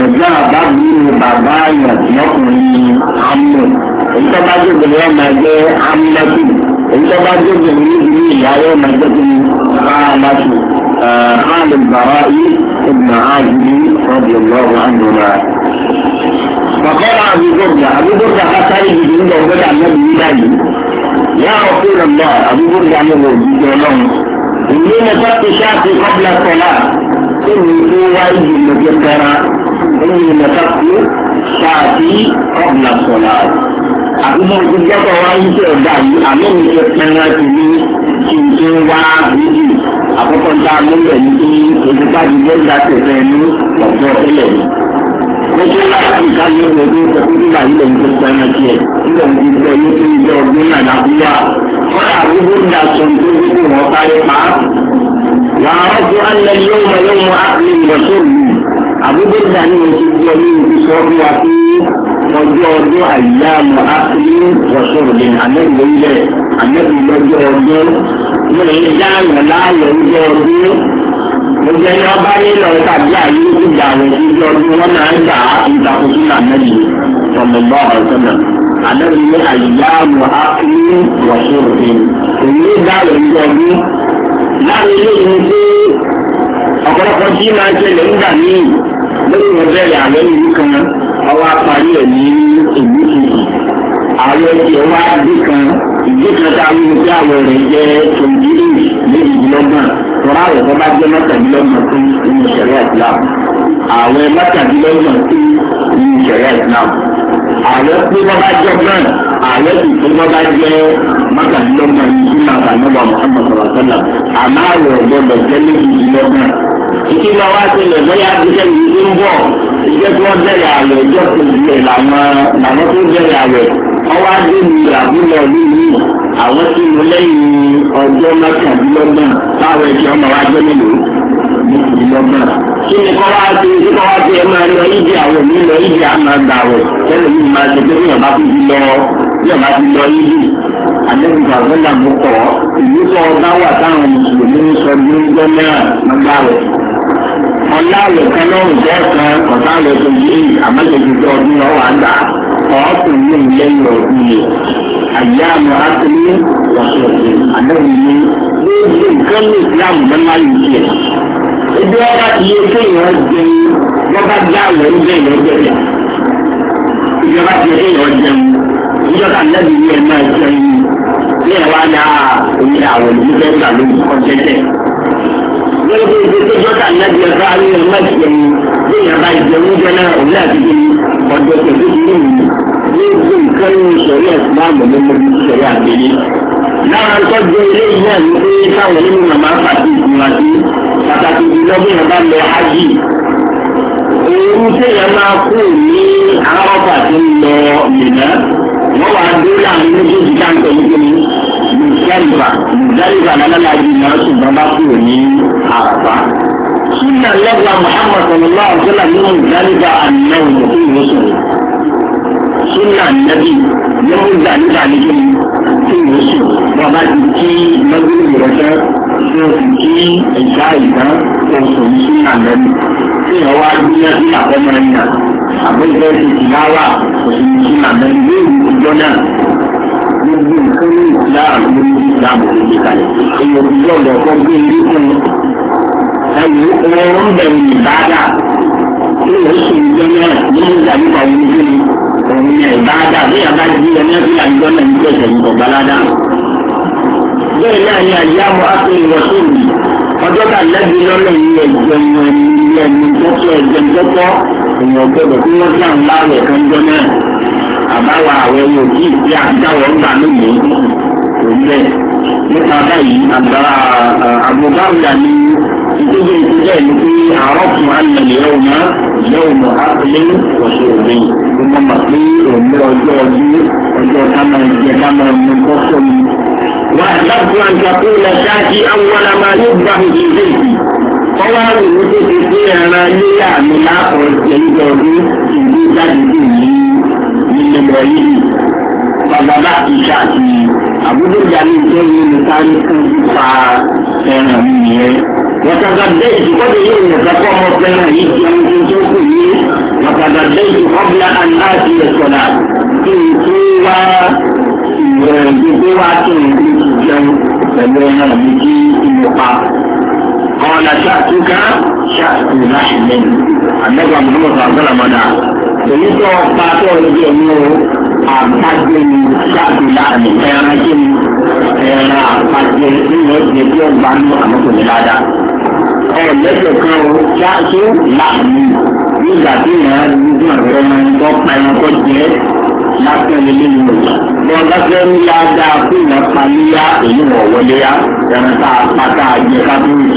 ẹ̀gbà àbábí yóò bàbá àyàn lọ́kùnrin amú èyí tó bá jókòó ní ọmọ ẹgbẹ́ amúlẹ́kù èyí tó bá jókòó ní ìlú ìyáwó ọmọ ẹgbẹ́ tó ní káàlásù káàlì bàrá yìí Bàbá àbí Bọ́dà àbí Bọ́dà ká sáré ìdìbò ń bọ̀ Bọ́dà náà yàrá òfin lọ́la àdúgbò ìdáná ló di ìjọ náà. ìlú mẹ́ta ti ṣáàtì kọ́bílà sọ́lá tó ní kó wáyé ìlú dára ìlú mẹ́ta ti ṣáàtì kọ́bílà sọ́lá. àdúgbò ìjọba wáyé tó ọ̀dà yìí àmọ́ mi ti pẹ́ẹ́rẹ́ ti ní kí n tó wá méjì àkọ́kọ́ ń ta mọ́lẹ̀ ní kí ojúbájú lọ́jà tẹ̀sẹ̀ ní ọ̀dọ́ ilẹ̀ yìí ó tún láti ká yóò lè ní ìfẹ́ fún bíbá ilẹ̀ ń tó pẹ́ náà tiẹ̀ ilẹ̀ ń ti pẹ́ yóò tún ilé ọdún náà lábúyà wọ́n àbí bó ń tó ń kó káyé pa á. wàá rọ́pò alẹ́ yóò mọ yóò mọ àpèlè ìrọ̀sọ́ yìí àbúgbò dání mo ti di ọdún ìlú sọ wa pé ọjọ́ ọdún àyíká mọ àpèlè ìrọ̀sọ́ rẹ̀ àmẹ́rin ilẹ̀ àmẹ́rin lọ́jọ́ Oúnjẹ ni wọ́n bá tàbí àyè ìgbà àwọn ìdíje ọdún wọn máa ń gbà á ìdàkóso ọ̀mọ̀gbọ́ ọ̀sán Àdébí ní àyíká Mùhákìlì Wàṣúrùfì. Èyí dáhùn ìjọ ọdún. Láàrin ilé ìlú tí ọ̀pọ̀lọpọ̀ tí máa ń ṣẹlẹ̀ nígbà lórí ìwọ̀n bẹ̀rẹ̀ àlọ́ ìlú kan, ọwọ́ apárí àwọn ẹ̀jẹ̀ wá ìdí kan ìdí kan tá a mú sí àwọn rẹ̀ jẹ́ tòǹdírì méjìdínlọ́gbọ̀n tọ́lá rẹ̀ tó bá jẹ́ mọ́tàdínlọ́gbọ̀n tó ń ṣẹ̀rẹ̀ islam àwọn mọ́tàdínlọ́gbọ̀n tó ń ṣẹ̀rẹ̀ islam àwọn tí wọ́n bá jẹ́ náà àwọn tí tí wọ́n bá jẹ́ mọ́tàdínlọ́gbọ̀n tí máa bá nígbà mọ́tàdínlọ́gbọ̀n sọ̀rọ̀ sọ́là àmọ́ àwọn ọ̀gbọ́dọ̀ jẹ́ méjìdínlọ́gbọ̀n ìdí máa wá sílẹ̀ ọwọ́ adé mi làbúlọ̀ nínú àwọn tí mo lẹ́yìn ọjọ́ mọ́kàndínlọ́gbọ̀n táwọn ẹ̀jẹ̀ ọmọ wa jẹ́ mélòó mọ́kàndínlọ́gbọ̀n. kí ni kọ́ wá sí kí kọ́ wá sí ẹ máa lọ ìdí àwọn mi lọ ìdí àmà gbà wẹ̀ tẹ́lẹ̀ mi máa ṣe pé yọ̀bá fi di lọ yọ̀bá fi lọ ìdí. àdébù gbàgbọ́dà mo kọ̀ ìlú kọ́ ọba wà táwọn mùsùlùmí sọ bí ó ń gbọ́ náà gbà wẹ̀ ọ̀làwẹ̀ kan náà ń bẹ́ẹ̀ kan ọ̀tá rẹ̀ tó ọ̀ọ́kùn ìlẹ́yìn ọ̀dún yìí àyà àmọ́ akíní ọ̀sọ̀ọ̀sẹ̀ ní lóòjì nǹkan ní ìsìlámù mẹ́má yìí tiẹ̀. ibi ọba ti yé kéèyàn jẹun bọ́bá dá àwọn oúnjẹ ìlú ọgbẹ̀rẹ̀. ibi ọba ti yé kéèyàn jẹun ìjọba nẹ́bí ní ẹ̀ máa jẹun ní ẹ̀wá ní omi àwọn olùdókòwò gbà lórí ọ̀jẹ̀jẹ̀. lórí ibi tó jọ́ta nẹ́bí ẹ̀fọ́ àwọn ẹ̀ máa jẹun ìyàbá ìjẹun jẹ́ náà òun náà ti ọjọ́ pẹ̀lú ìlú nínú nǹkan ní sọ̀rí ẹ̀sìmáàmù ní mo fi sọ̀rí àgbèlé. lára ń tọ́jú ilé ìwé ẹ̀ ní pé káwọn nínú màmá pàtó ìgbìmọ̀ sí pàtàkì ìdílọ́ bí wọn bá lọ ájì. òun téèyàn máa kú ní arọ́pà tó ń lọ mìíràn wọ́n wá dé láàrin méjèèjì káńtọ̀ nígbìmí mùsálìbà mùsálìbà lálálàájì náà ṣùgbọ́n bá kú ní àpá sunna lẹ́gbàá muhammad sallallahu alaihi nínú ìdánilá àná súnà nẹ́bí lọ́wọ́ gbà nígbà nígbà tí mo sùn wọn bá ti kí lọ́gbìnrin rẹ̀ tí wọ́n sì kí ìgbà ìgbà oṣù súnà nẹ́bí tí wọ́n wá gbé lẹ́sí àkọ́mọ ẹ̀yà àbẹ́fẹ́ ti ti láwà oṣù súnà nẹ́bí lórí ìjọ náà gbogbo nǹkan ní ìsìláàmù lórí ìsìláàmù tó gbé kalẹ̀ èèyàn òbí lọ́dọ̀ ọkọ̀ gbé ilé fún ẹ̀wọ̀n ọ̀rọ̀ ń bẹ̀rù ìbáadà ilé oṣù ìjọ náà nínú ìdàgbà ìlú bí òun ni ìbáadà bí abájí ẹni ọdún àjọ náà ní ìjọsẹ̀ ní ọ̀gbáládà. bẹ́ẹ̀ náà ni àyà mọ́ ápẹ́yìn rọ́sọ̀lì ọjọ́ tà lẹ́bi lọ́nà ìlú ẹ̀jẹ̀ ìlú ẹni tọ́tọ́ ẹ̀jẹ̀ tọ́tọ́ èèyàn gbọ́dọ̀ tí wọ́n sàn láàrẹ̀ kan jọ náà àbáwá àwọn ẹni òkú ìpí àtàwọn ń gbà lónìí òun bẹ́ẹ̀ nípa báyìí àgbà àgbọ̀báwìyà ni gbogbo ìgbésẹ̀ yìí pé àárọ̀ fún àlẹ́ yẹ̀wò náà yẹ̀wò mọ̀ ápẹ́lẹ́ ọ̀ṣọ́ òbí mo mọ̀ pé òmùú ọjọ́ ọdún ọjọ́ kámẹ́ ìjẹ kámẹ́ ọmọ kọ́sọ́ mi. wà á dábò àǹtakó lọ ṣáàkì àwọn àmà yóò gbà mí sí ìdèjì kọ́wá rò ó tó ti ẹran yíyá mi láàpọ̀ ìjẹ́ ìjọ ọdún ìgbésẹ̀ bàbá bá ti ṣàti àbúrò ìyáni tó ní olùkárí fún fífa ẹran mi nìyẹn. wàtàgà bẹ́ẹ̀ tí yóò yẹ kọ́kọ́ ọmọ fẹ́ràn yìí ti ẹni tó kù yé wàtàgà bẹ́ẹ̀ tí kọ́bílà àná àti ẹ̀sọ̀là tó wá ìrẹ̀lẹ̀ tó wá tó ń gbé ti jẹun pẹ̀lú ẹran mi kí n pa. قال شأتك شأت لحم النبي محمد صلى الله عليه وسلم قال ويتوفى تولد أمه àpàdé ni ṣáàbì láàmì ẹran kí ni ẹran àpàdé nínú ẹgbẹ́ tí ó gbà ní àmọ́tòmí ládàá. ẹ lẹ́sẹ̀ kan o ṣáàṣó láàmì nígbà tí ìran nínú ọ̀rọ̀ máa ń tọ́ pa ẹran tó jẹ́ lásán ilé ìlú bọ́n lásán ní ládàá fún ìlànà níyà èyí wọ̀ wọlé yá ẹran tá a pa tá a jẹ ká tó ìjọba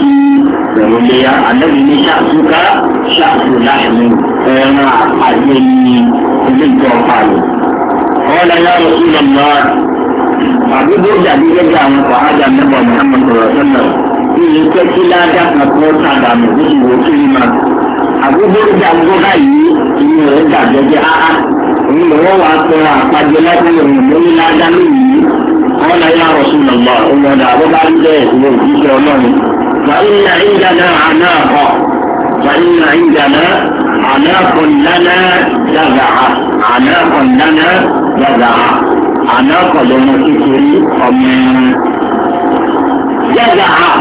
rẹ̀. قال يا رسول الله àbí bóòdà bí gẹ́gẹ́ àwọn fàájà mẹ́fà mọ́hàmà sọ̀rọ̀ sọ́nà ìyẹn tẹ́ kí ládà kankan sàdà mọ̀ bó ti wò ó kiri ma. àbí bóòdà gbọ́dá yìí ìyẹn rẹ̀ dà gẹ́gẹ́ áá òun lọ́wọ́ wa sọ àpàjẹ láti rìn lórí ládà lónìí. wọ́n lọ yá ọ̀sùn lọ́gbà ọmọdé àbúrò bá ń bẹ̀ ìwé òjíṣẹ́ ọlọ́run. wàá ní àyíjà náà àná àkọ́. فإن عندنا عناق لنا جزعة عناق لنا جزعة عناق لنا كثير أمين جزعة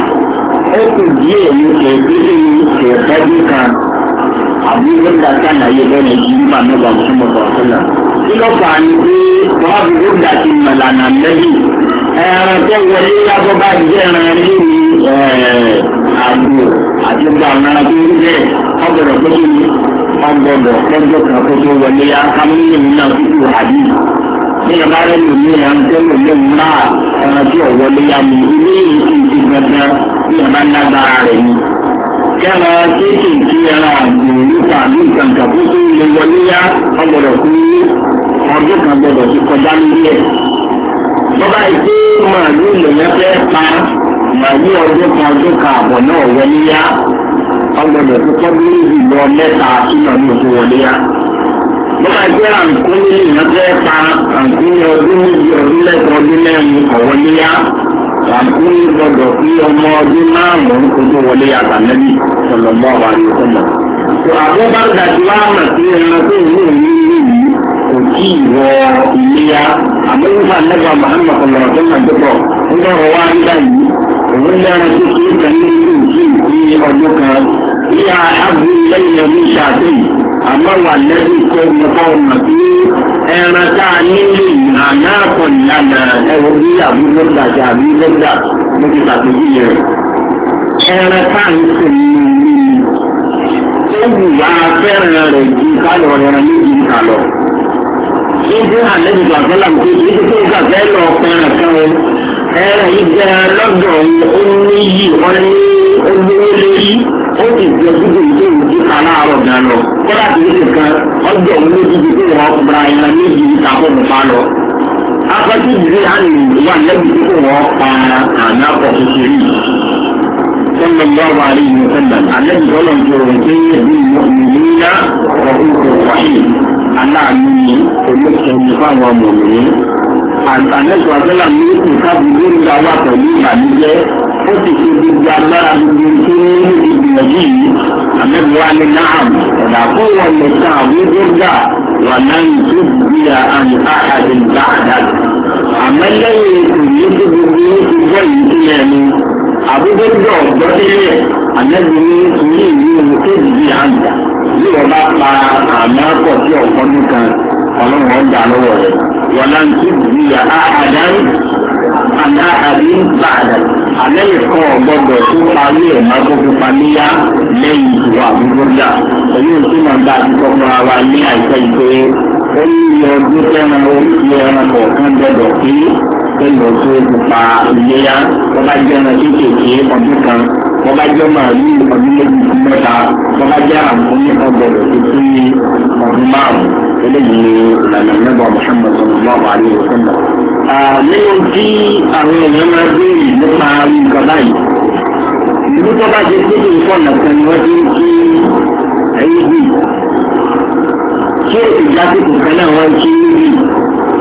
ó kù díẹ̀ ní ẹ̀ẹ́dẹ́gbẹ́ ní ẹ̀ẹ́dẹ́gbẹ́ kan àbí wọ́ndà kan àyè bẹ́ẹ̀ ní ìgbà mẹ́ta ọ̀sán mọ́tò ọ̀sán náà. kí ló fà á ní pé wọ́n á fi wọ́ndà ti mọ̀lànà lẹ́yìn ẹran tó wọlé lábọ́ bá jẹ́ ẹran rí ni àgbò àti gba àwọn ẹran tó ń jẹ ọgbọ̀dọ̀ tó ń ọgbọ̀dọ̀ lọ́jọ́ kan tó tó wọlé yá kámúlò nínú àkókò àbí nígbà bá rẹ̀ lòmí ẹran tó lòmí ńlá ẹran tí ò wọlé yá mi ilé ìlú ti gbẹgbẹ nígbà bá lágbára rẹ̀ ni. kẹ́ra kéékèèké ẹran àgbò nípa àbí ìkàǹkà tó tó lè wọlé yá ọgbọ̀dọ̀ fún ọdún kan gbọdọ̀ ti kọjá nílé ẹ̀ bọ́bá ìdí màálù lèyàn fẹ́ pa màálù ọdún kan ọdún kan àbọ̀ náà wọlé yá ọgbọ̀dọ̀ tó tọ́ bí ìlọ mẹ́ta sínú ọdún tó wọlé yá. bọ́bá ìdí àǹkúni lèyàn fẹ́ pa àǹkúni ọdún méjì ọdún mẹ́ta ọdún mẹ́rin ọ̀wọlé yá àǹkúni gbọdọ̀ fi ọmọ ọdún márùn-ún kó tó wọlé yá àtàlẹ́bí sọlọ́mọ́ àwọn àyè kò tí ì wọ ìlera àmọ́ nígbà nígbà màhámà kọlọ̀rọ̀ tó máa dẹ́pọ̀ nígbà wọ́n wá nígbà yìí òun dára tó kéré kan ní ìlú ìlú ní ọdún kan ní àbúrò lẹ́yìn ọdún ṣàtẹ̀yìn àmọ́ wà lẹ́yìn kó mọ́tò ọmọ bí ẹran tá a nílé ìlànà àkọ̀lànà ẹ̀rọ bí àbúrò gbàgbà àbí lọ́gbà mo ti ṣàpèjì rẹ̀ ẹran tá a ń sè ní ìlú ó wù wá fẹ́ràn rẹ̀ ju kálọ̀ rẹ̀ méjì kálọ̀ ibi àlejò àgbẹ̀là ń pèsè ibi tó gbà bẹ́ẹ̀ lọ kan o ẹ̀rẹ̀ yìí jẹ́ lọ́dọ̀ oníyì wọn ní olówó lórí ó sì jẹ́ gbogbo ìdí ìdí kan láàárọ̀ gan lọ kọ́lá kì í ṣe kan ọjọ́ òun ló ti di pé wọ́n gba ìran méjì ìtàkùn nípa lọ. afẹ́tí ìdílé àná ìwà lẹ́bi tí kò wọ́n pa àná pọ̀ kékeré صلى الله عليه وسلم الذي ظلم جرمتين بالمؤمنين رؤوف رحيم aláàánú ni olóṣèlú fáwọn ọmọ mi. àtàlẹ́sọ̀ àtẹ́là ní ìkáàbù lórí àwa pẹ̀lú ìbànújẹ́ ó ti fi gbogbo agbára gbogbo tó ní ìgbìyànjú yìí àmẹ́bùwá ní náàm ọ̀dà fún wọn nìkan àwọn gbọ́dà wà náà ń tó bí àmẹ́lẹ́yìn kò tó gbogbo ó ti gbọ́ ìdílé ẹni àbúgbẹ́gbẹ́ ọ̀gbọ́n sílẹ̀ ànẹ́bí ní ní ìlú kéjì bíi àǹdà bí wọ́n bá pa àmì akọ̀ sí ọ̀gbọ́n nìkan ọlọ́run ọ̀gbà lọ́wọ́ rẹ̀ wọ́n náà ń tún bí àdáyé àdáhàbí bàdà àlẹ́yìn kan ọ̀gbọ́dọ̀ tó parí ẹ̀ máa tó fi paníyá lẹ́yìn ìwà àbúgbọ́dà èyí ò tún máa bá àtúntò fúnra wa ní àìsàn ìpè ó ń lọ bí fẹ́ràn oríṣi ẹran kọ̀ọ̀kan gbọdọ̀ pé ẹlò tó pupa ìléyà bọ́bá jẹ́ ẹran kéékèèké ọdún kan bọ́bá jẹ́ màálù ọdún méjì sí mẹ́ta bọ́bá jẹ́ àmúhún nìkan gbọdọ̀ tó tó ní ọdún márùn-ún eléyìí ni ìlànà mẹ́bà Muhammad sallallahu alaihi wasallam. nínú tí àwọn èèyàn máa béèrè nípa nǹkan báyìí ìlú tó bá jẹ kéde ìfọ̀nà kan ni wọ́n ti ń kí ẹ̀yìn bíi ṣé ìjásíkò kan náà wọ́n ṣe é bí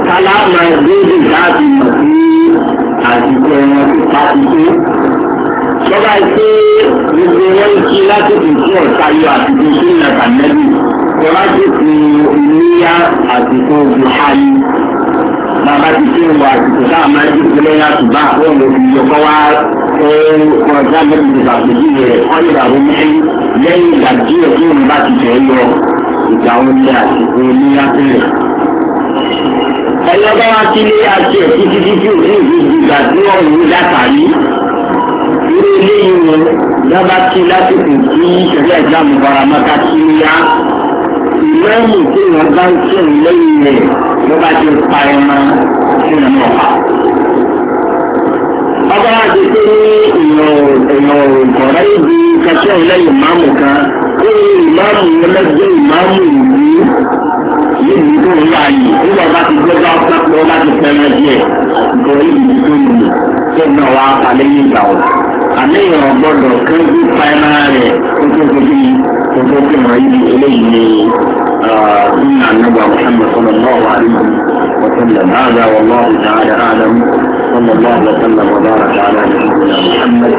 kálámà déédéé láti mọ̀ sí àsìkò ẹran pípa títí. Sọ́ba ṣe gbogbo wọn ń ṣe lásìkò tí ọ̀sá yọ àsìkò sílẹ̀ kàmẹ́lì. Sọ́ba ṣe fi ìléyà àsìkò Buhari. Bàbá ti ṣe wọ àsìkò táwọn máa ń ṣe ìpínlẹ̀ Yàtúbà fún olùdíje kọ́ wá ọ̀gá mẹ́rin ìgbàgbọ́jú rẹ̀ wọ́n lè rà wọ́n mẹ́rin lẹ́yìn ìgbà díẹ̀ tí òun ìgbà wọn ti àsìkò ní abẹ́rẹ́. ẹlọ́gbọ́n wa ti lé àti ẹ̀kú títí tí ò ní ìlú ìgbà tí wọ́n wù látàrí. irú eléyìí wọn dábàá kí lásìkò tí ìṣẹ̀lẹ̀ ìjàmù bara mọ́ta ń yá. ìlẹ́yìn tí wọ́n bá ń kírun lẹ́yìn rẹ̀ ló bá ti pa ẹran sínú ọ̀pá ọba àti pé èèyàn kọ̀ọ̀rẹ́ ibi kàṣẹ́ ilé ìmáàmù kan ó ní ìmáàmù ẹlẹ́gbẹ́ ìmáàmù ìlú níbi tó ń wá yìí nígbà bá ti gbọ́dọ̀ pápọ̀ láti pẹ́rẹ́ díẹ̀ gbọ́ ìlú tó ń lò tó ń náà wá pa ìgbà ọ̀sán. àníyàn gbọ́dọ̀ kéjú fáínà rẹ̀ kókó bí kókó tí wọ́n yí eléyìí ni sunna annabi muhammad sallallahu alaihi wa sallam hada wallahu ta'ala alam sallallahu alaihi wa sallam wa baraka ala nabiyyina muhammad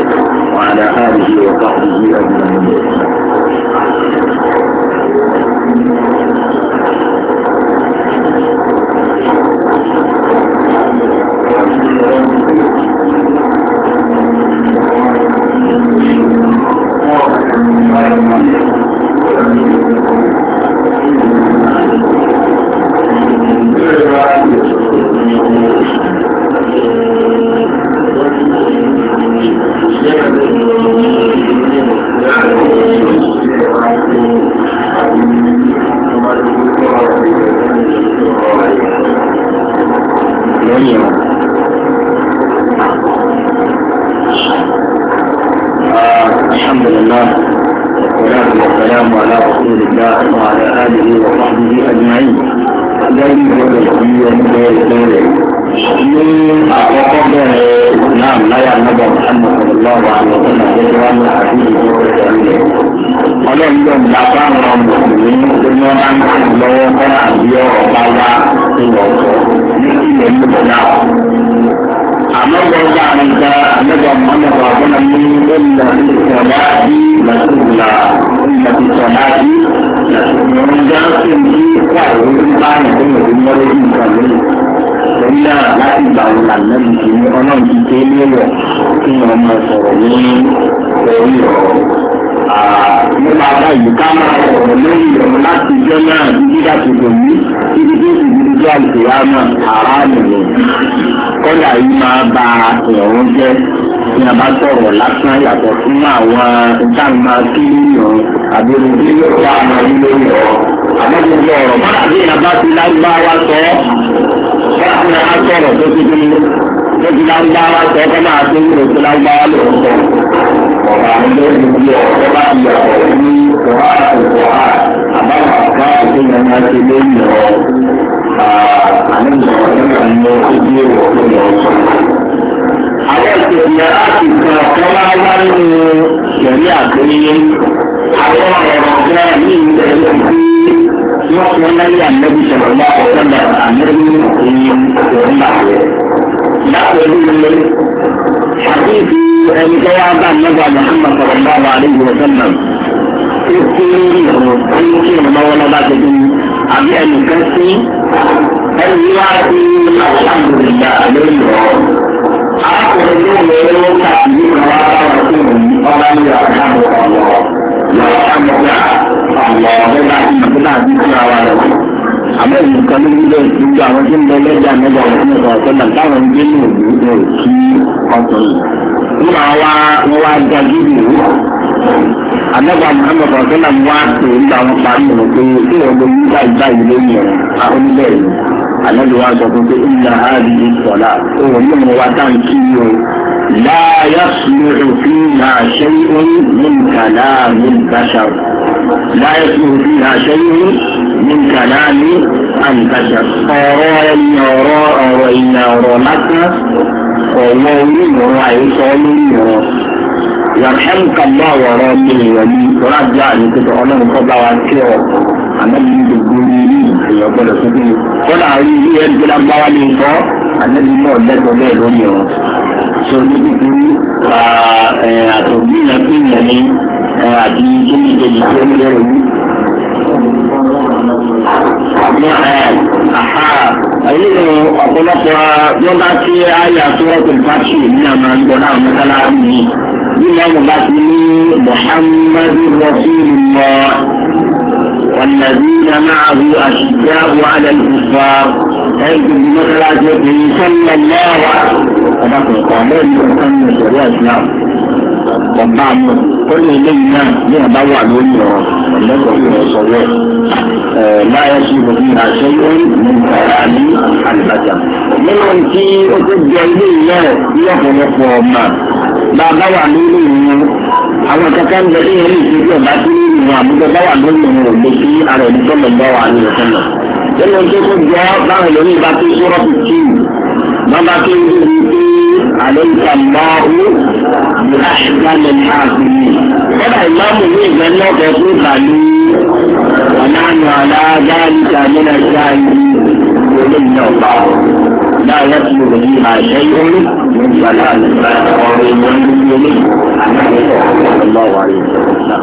wa ala alihi wa sahbihi ajma'in Thank you. Gracias. àlẹ́bù ti ní ọlọ́run ti dé léwọ̀ kí wọ́n máa sọ̀rọ̀ ní orí ọ̀rọ̀. nípa báyìí ká máa sọ̀rọ̀ lórí ọ̀rọ̀ láti jẹ́ náà títí láti lò ní títí tí ó sì ti jẹ́ àlùkòyámà àràánù rẹ̀. kọ́dà yìí máa ba ẹ̀rùn jẹ́ ní a lásán yàtọ̀ fún àwọn ìjàmbá kí nìyàn àbí tí yóò wá máa ń lórí ọ̀rọ̀. àmọ́ gbogbo ọ̀rọ̀ bá àfihàn asọ̀rọ̀ tó ti di tó lágbára sọ ọ́ máa tó ń rògbò lágbára ló ń sọ. ọ̀rọ̀ àwọn olóògùn bí ọ̀rọ̀ bá ti yàtọ̀ ní ọ̀rá àtòkọ̀ á àbáwọ̀ àbá àti ìyẹn máa ṣe lẹ́yìn ọ̀rọ̀ àníyàn nígbà ní ojú èrò tó lọ sọ. àwọn ìṣèlú láti kan ọ̀kan máa wá nínú ìṣẹ̀lẹ̀ àgbéyé àwọn ọ̀rọ̀ wọn láyé ànábi sọ̀rọ̀ ní àkọ́kọ́dà ànábi ìyẹn òǹbà. Dáàbò ní ilé àkíyèsí ẹni tó wá bá ànábi àmọ̀hánmà sọ̀rọ̀ bá wà àlejò ọ̀sánmà. Ó kí ń rí ọ̀rọ̀ tó kí ìrànlọ́ wọn lọ́ba ti dín àbí ẹnìkan sí ẹni wá sí àlàmùdìyà lórí ọ̀. Arákùnrin ní òun yàtàmùkà àmọ̀ọ́dẹ́gbà ìdúrà àdúrà wa rẹ̀. àmọ́ èyí kan ní ilé ìtújú àwọn tí ń bẹ lẹ́jà mẹ́jọ àwọn tí wọ́n sọ náà táwọn ń gbé ní òbí ní òkí ọ̀tọ̀ yìí. nígbà wa wọ́n wá já gírí ìlú. àdọ́gba muhammed ọ̀sẹ̀ náà wá pè é nígbà wọn parí ìrìn pé kí wọ́n gbé nígbà ìgbà ìlú yẹn àlejò wa sọ pé ìlà àbí ìsọ̀lá òun ní mo wá tán kí ni o láyà sùnú òfin náà ṣe ń ní kàlá mi bàṣà láyà sùnú òfin náà ṣe ń ní kàlá mi àǹtàṣà ọ̀rọ̀ ẹ̀yìn ọ̀rọ̀ ọ̀rọ̀ ìyìn ọ̀rọ̀ lásán ọ̀wọ́ orí ìrọ̀ àìsọ lórí bá wọ̀rọ̀ mi ìrọ̀lú rádíà ní ọlọ́run kọ́ bá wa kí ọ èèyàn gbọ́dọ̀ sókè kọ́lá àrí ilé ẹni tó lágbára lè sọ àtẹ́bí náà lẹ́tọ̀ọ́ bẹ́ẹ̀ lórí ọ̀ sọ ní kúkúrú àtọ̀bí yẹn pé yẹn ni àti kíni kejì tó ń lẹ́rọ yìí. Àyẹ̀wò ọ̀pọ̀lọpọ̀ yọba tí ayé àtúrọ̀tò fásitì ní àmà ń gbọ́dọ̀ àwọn mọ́tálá mi. Bí wọ́n bá ti ní Mùhàmmadu Rasulullah. والذين معه أشداء على الكفار أيضا بمثل به صلى الله عليه وسلم قامون وسلم شريعة الإسلام وبعض كل إلينا لها بوع الأمة لا يصيب فيها شيء من كلام البشر منهم في أكد جاهلية يخلق ما لا بوع الأمة àwọn kankan ń bẹ ní ìlú ìṣèjú ọba tí ìwọ àbújọ bá wà lórí òun ò lè fi ara ẹni sọlọ bá wà ní ìṣẹ̀lẹ̀. lẹ́nu tó kó jọ báwọn lórí ìbá tó sọ̀rọ̀ tó tì bàbá tó ń bí mi pé àlẹ́ ìta mọ́ ọ́ bí a lẹ́nu ààfin mi. kọ́dà ìmáàmù ní ìgbẹ́ náà kẹ́ fún ìbàlú ọ̀nà àná àlá gáàlì tàbí nàìjíríà لا يدخل فيها شيء فلا ومن مسلم صلى الله عليه وسلم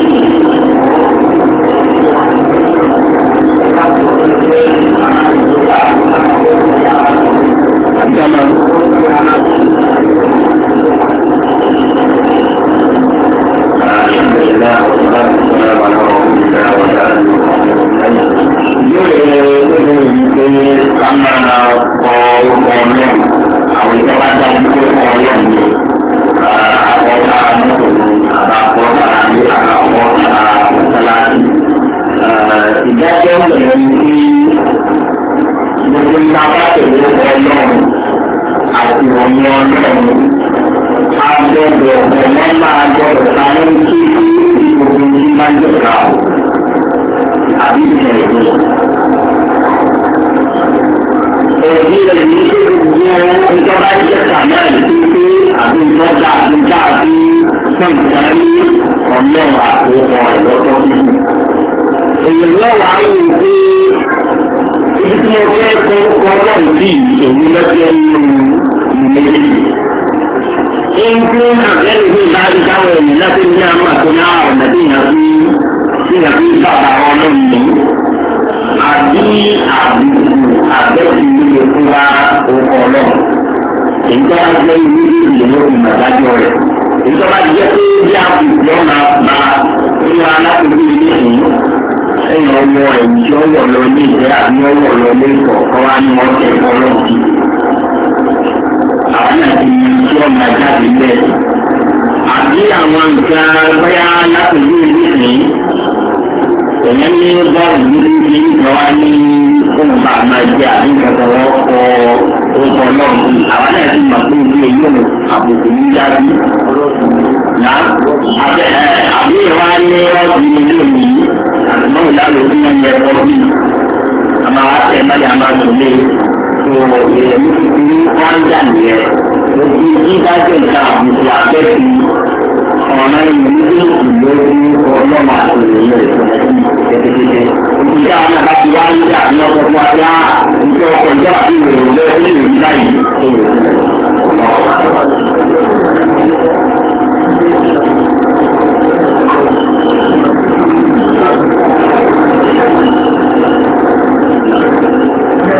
Thank you. èèyàn náà wà á lò pé ibi tí mo fẹ́ kọ́ kọ́ náà sí ìṣòro lọ́jọ́ ìmọ̀lẹ́ ẹgbẹ́ àbẹ́lẹ́gbẹ́ bá rí káwọn ènìyàn láti ní àmà tó ní àwọn ọ̀nà tí ìyàn fi tí ìyàn fi bàbá wọn lọ́nà àbí àbùkù àbẹ́sìlú lè fún wa orúkọ náà èyí tó bá jẹ́ ìlú ìlú ìlú ìmọ̀dájọ́ rẹ̀ èyí tó bá jẹ́ pé bí àbùkù ọ̀nà bá nínú alákòókò ilé ìlú ẹ̀yìn ọmọ rẹ̀ wọ̀ lọ ní ìjẹ́ àbí ó lọ ní ìkọ̀ọ̀kan wá ní ọ̀sẹ̀ ọlọ́ọ̀dì. àwọn àti tí ó máa bẹ́ẹ̀. àbí àwọn nǹkan bóyá lápẹ̀lú ìlú ìsìn èèyàn ní bọ́ọ̀lù níbi ìlú ìjọ wá ní ohun máa jẹ àbí nǹkan tó wọ́n kọ àwọn àti màkúrú ìlú àbùkù ní àbí àbí ìwà ní ọ̀sìn ilé mi àtúmọ̀ ìlànà òbí wọn yẹ kọ́ bí àmà wà tẹ̀ má yà má tó lé tó ìrẹ̀ mi ti ní áńgà nìyẹn òbí dídájọ́ ìta àbùkù àbẹ́sí ọ̀nà ìlú ìlógún ọlọ́mà àtòlẹ́yìn ẹ̀ẹ́dẹ́gbẹ́dẹ́ òkúta àwọn àbáṣe wá ń jà ní ọkọ̀ fún abíá ìjọ ọkọ̀ ìjọba ìròyìn lọ́wọ́ ní ìròyìn báyìí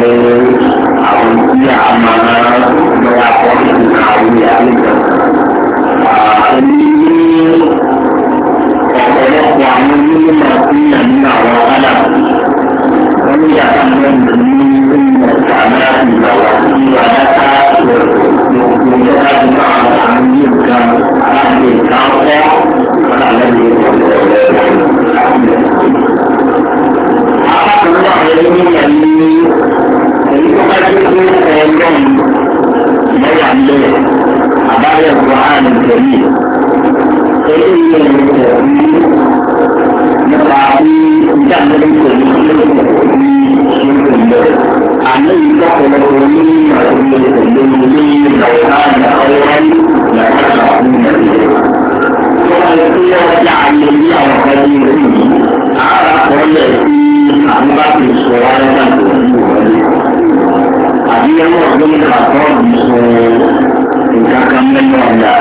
pé àwọn tí a máa lọ́wọ́ àkọ́kọ́ ní àwọn ìyá nígbà. Àní ní ọ̀pọ̀lọpọ̀ àwọn onímọ̀ máa fi hàn ní àwọn ọ̀kadà. Wọ́n ní yàrá mẹ́rin ní ìmọ̀ ìtàná ìgbàwá sí àdáká ìjọba ti bá àwọn àwọn ní ìgbà láti ìka ọ̀pọ̀ wọn àlẹ́ mi ìgbà. àtúndà ẹni ní ẹni ní èyí tó bá tó tó ẹlọ́run lọ́wọ́ àlẹ́ àbáyọ̀ ọ̀rọ̀ àrùn tẹ̀lé èyí ní ẹni tẹ̀lé nípa bí ìjà mẹ́rin kò ní kí ló ń bọ̀ ní ìṣòro ìlọ. àmì ìtọ́kọ̀lọ́kọ̀ ní ìrìnàjò ìlú ní ìrìnàjò ọ̀rọ̀ ìlànà àwọn ìrìnàjò. wọ́n ti ọjà àyè ní àwọn ọ̀gá ní ìlú yìí. àárọ̀ kọ́ lẹ̀ sí àbúbákì sọ alága tó ń bò wọlé àbí ẹwọ ọdún kàtọọbù sọ nǹkan kan mẹ́nu ọjà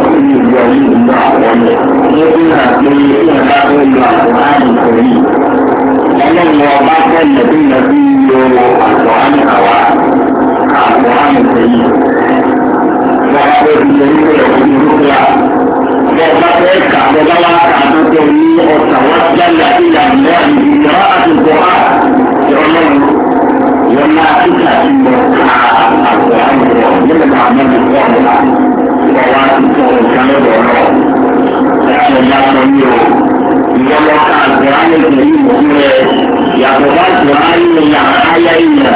ọdún ìlú ọdún ìlú àwọn ọdún ó fi hàn pé ìwọ̀n bá tó lọ àwọn àdìsọ yìí ọlọ́run ọba fẹ́lẹ̀ tó yẹ kí lo àtọ̀ àmìkàwá àtọ̀ àmìkà yìí wọ́n á pẹ́ ti ṣe nípa ẹ̀kọ́ ìlú bọ̀ọ̀bá fẹ́ kà bọ̀ọ̀bá wa kà àtọ́jọ ní ọ̀tà wá jáde àti ìyàgbọ́ àti ìyàrá àti bọ̀ọ̀bá ìrọ̀lọ́run ìrọ̀lá àtúntà àti bọ̀ọ̀ká àtọ̀ àbọ̀ nílẹ̀ bá àmọ́ ti kọ́ ọ̀la ìwà wa ti tọ̀ ìkàlẹ̀ bọ̀ọ̀rọ̀ ẹ̀sìn ọ̀la sọ ní o ìyọ̀lọ́ ká àgbọ̀rá ní ìgbè yìí mọ̀ nílẹ̀ yàtọ̀ bá àgbọ̀rá ní ìyàrá ayá ìyà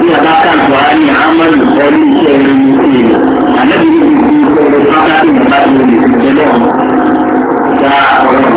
ní àbá ká àgbọ̀rá ní àmọ́ ìkọ́ ní iṣẹ́ ìrìn ìṣẹ́ àlẹ́ wákàtí ìgbà tó lè fi jẹ náà gba ọ̀rọ̀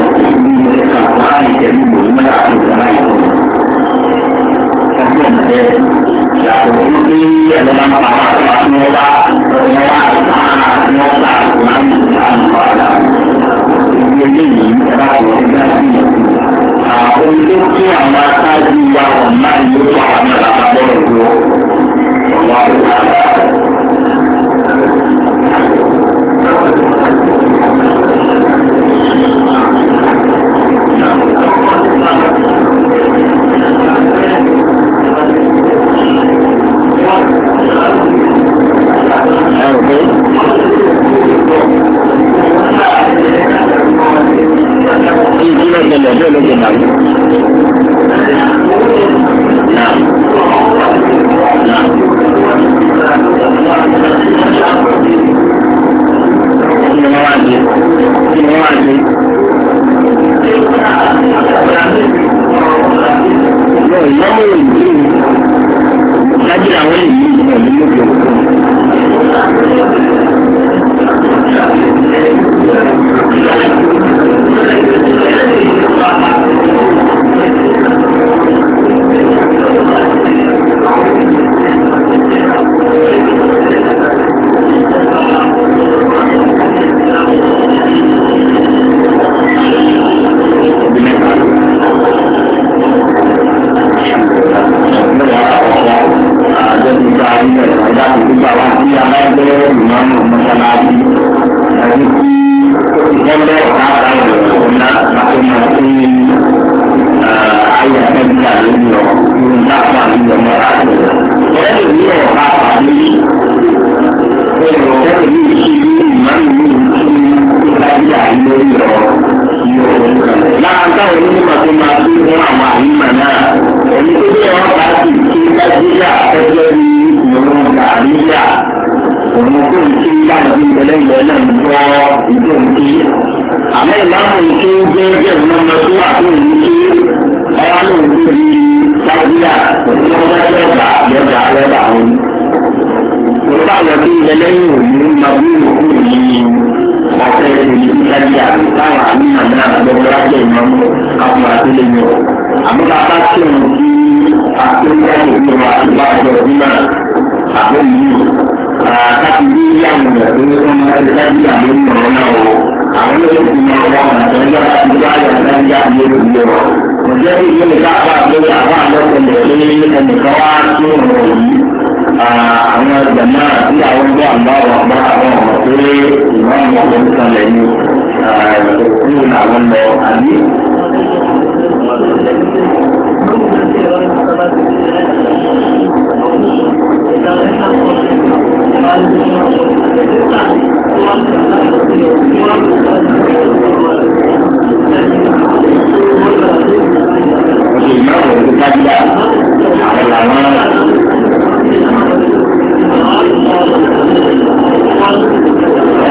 fún àyíká náà èyí tó bẹ́ẹ̀ wọ́n bá sì ké gbàgbéga ẹgbẹ́ bí ìrún gàríyà òun tó ń ké gbàgbé ìgbẹ́lẹ́gbẹ́ náà ń gbọ́ ìjọ ń ké. àmọ́ ìlànà ìké gbẹ́gbẹ́ ìrànlọ́ tó wà tó ń ké ọ̀rá lòun tó di gbàgbéga òun tó bá lọ́gbà lọ́gbà lọ́gbà òun. òun bá lọ sí máa bí òkú yìí àti ẹ̀sìn ìlú lájà táwọn àmì àmì àgbọ̀gbọ̀ lájà ìnáwó àwọn àtúlẹ̀ yọ. àmì bàbá tí òun ti àtúnyà ìlú wa ìbájọ ìgbà àbọ̀ yìí láti bí yàwùn rẹ̀ tó ní wọ́n máa ti dájú àmì ìmọ̀ràn náà o. àwọn yóò ti mọ ọwọ́ àtẹ̀yẹ́ láti bá yàrá dájú àmì ìlú wa. ǹjẹ́ bí ìlú nìkan àbá àgbẹ̀ àbá àgbẹ̀ àwọn ìgbà náà tí àwọn ọgbọ́n àgbà wà bá àwọn ọ̀rọ̀ tó lé wọ́n ń wọ́n lórí kan lẹ́yìn òkú làwọn lọ àbí. Thank you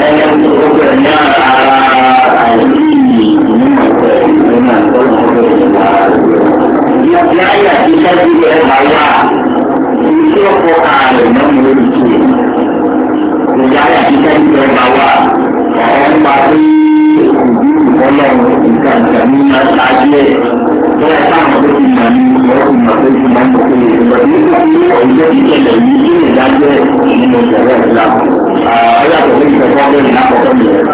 ìgbàlódé ìgbàlódé ayàtọ̀ ní ìfẹ́ fọ́ọ̀mù ìnákọ̀ọ́kọ́ nìyẹn.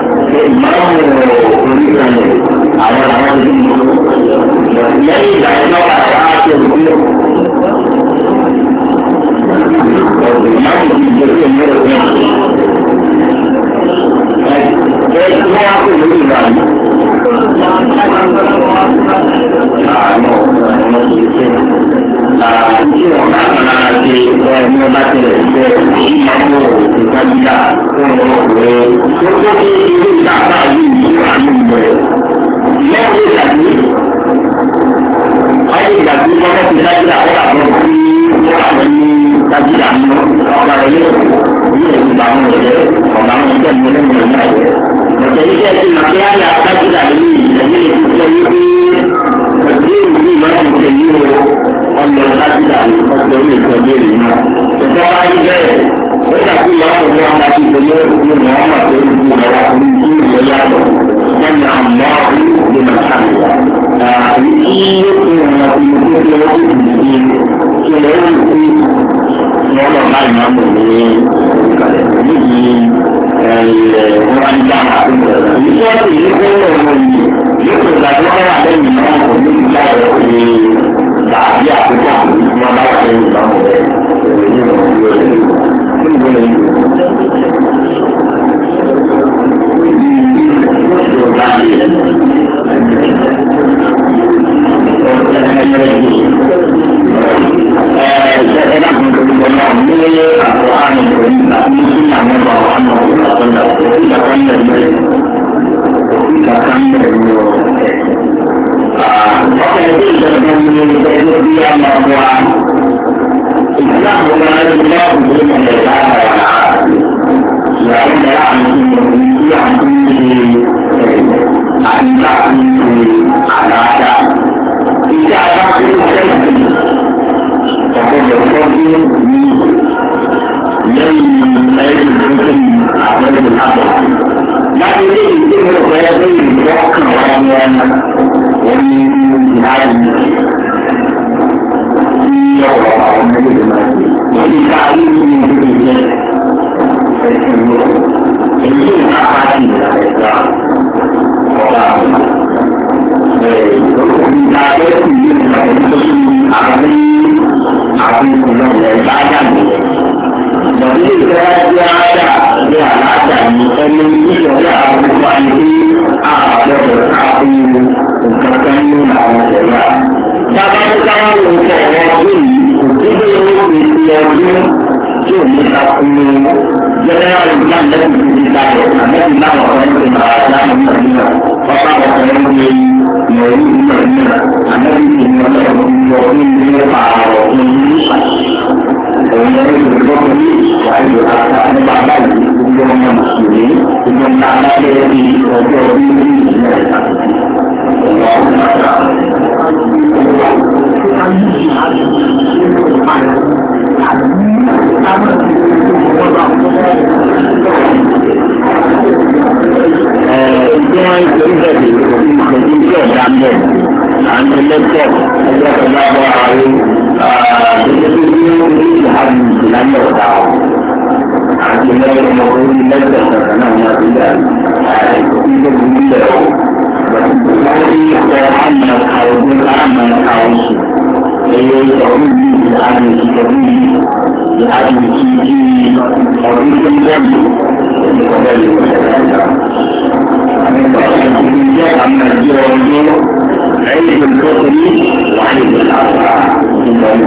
سعيد بن الخدري وعلي بن الأسرع ومن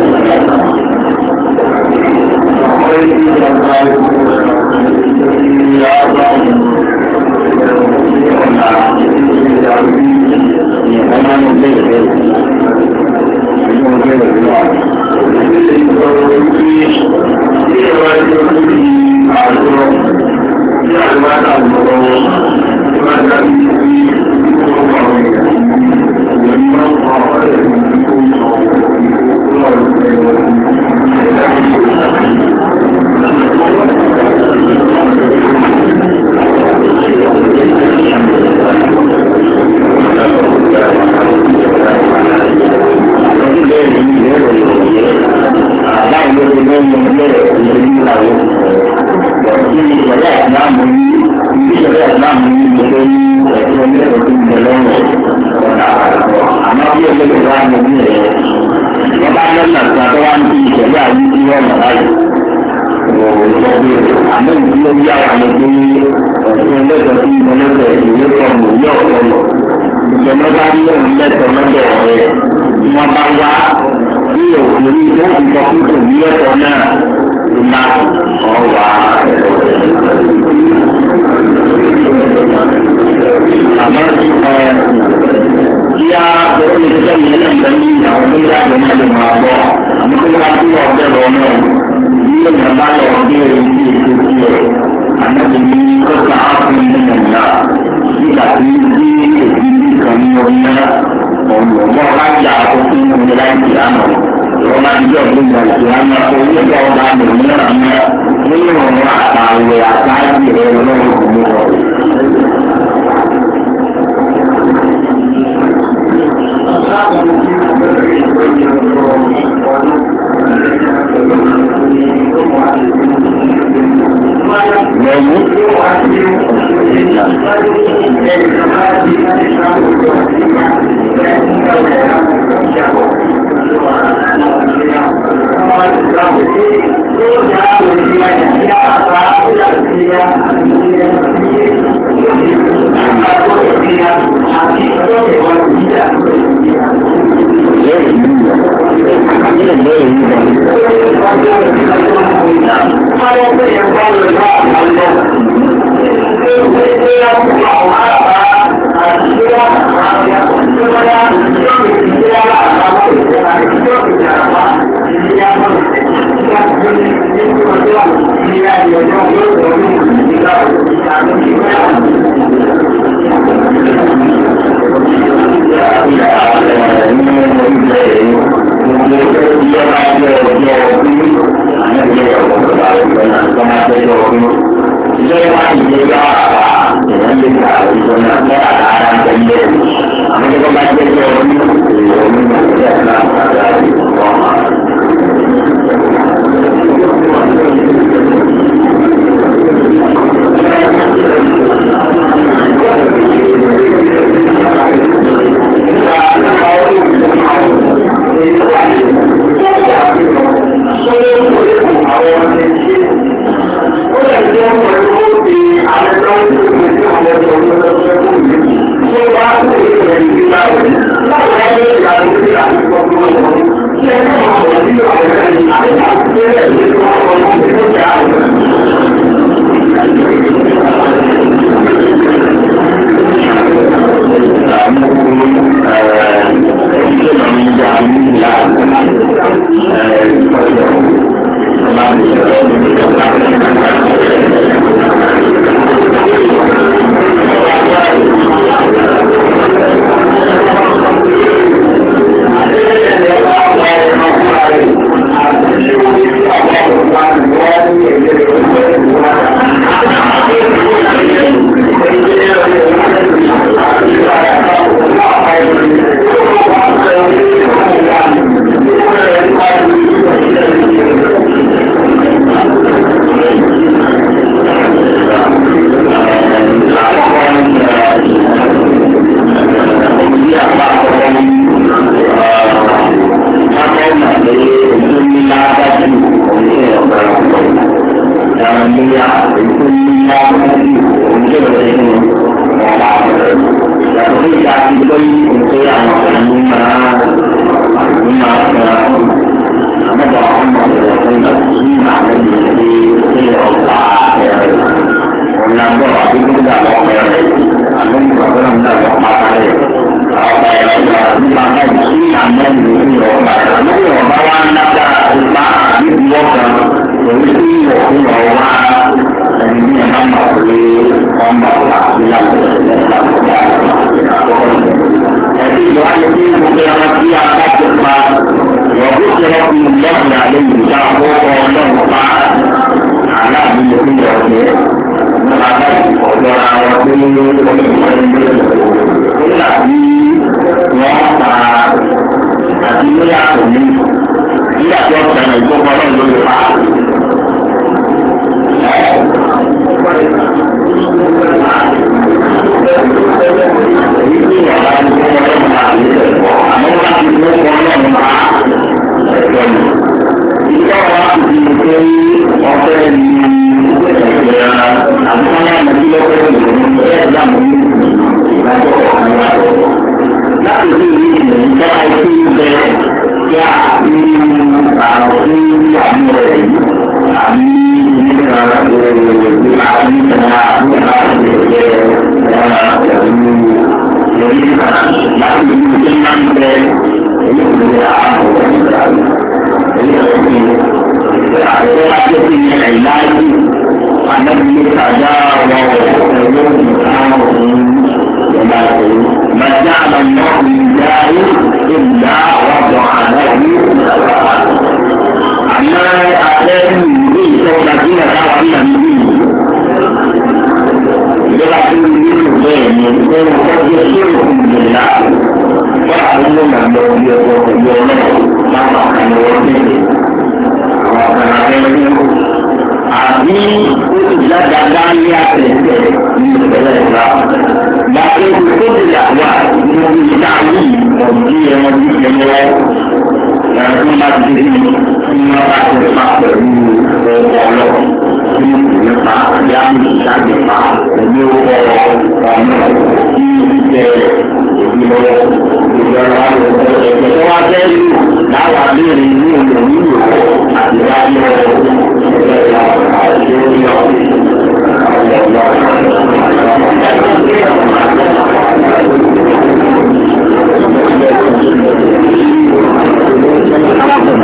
de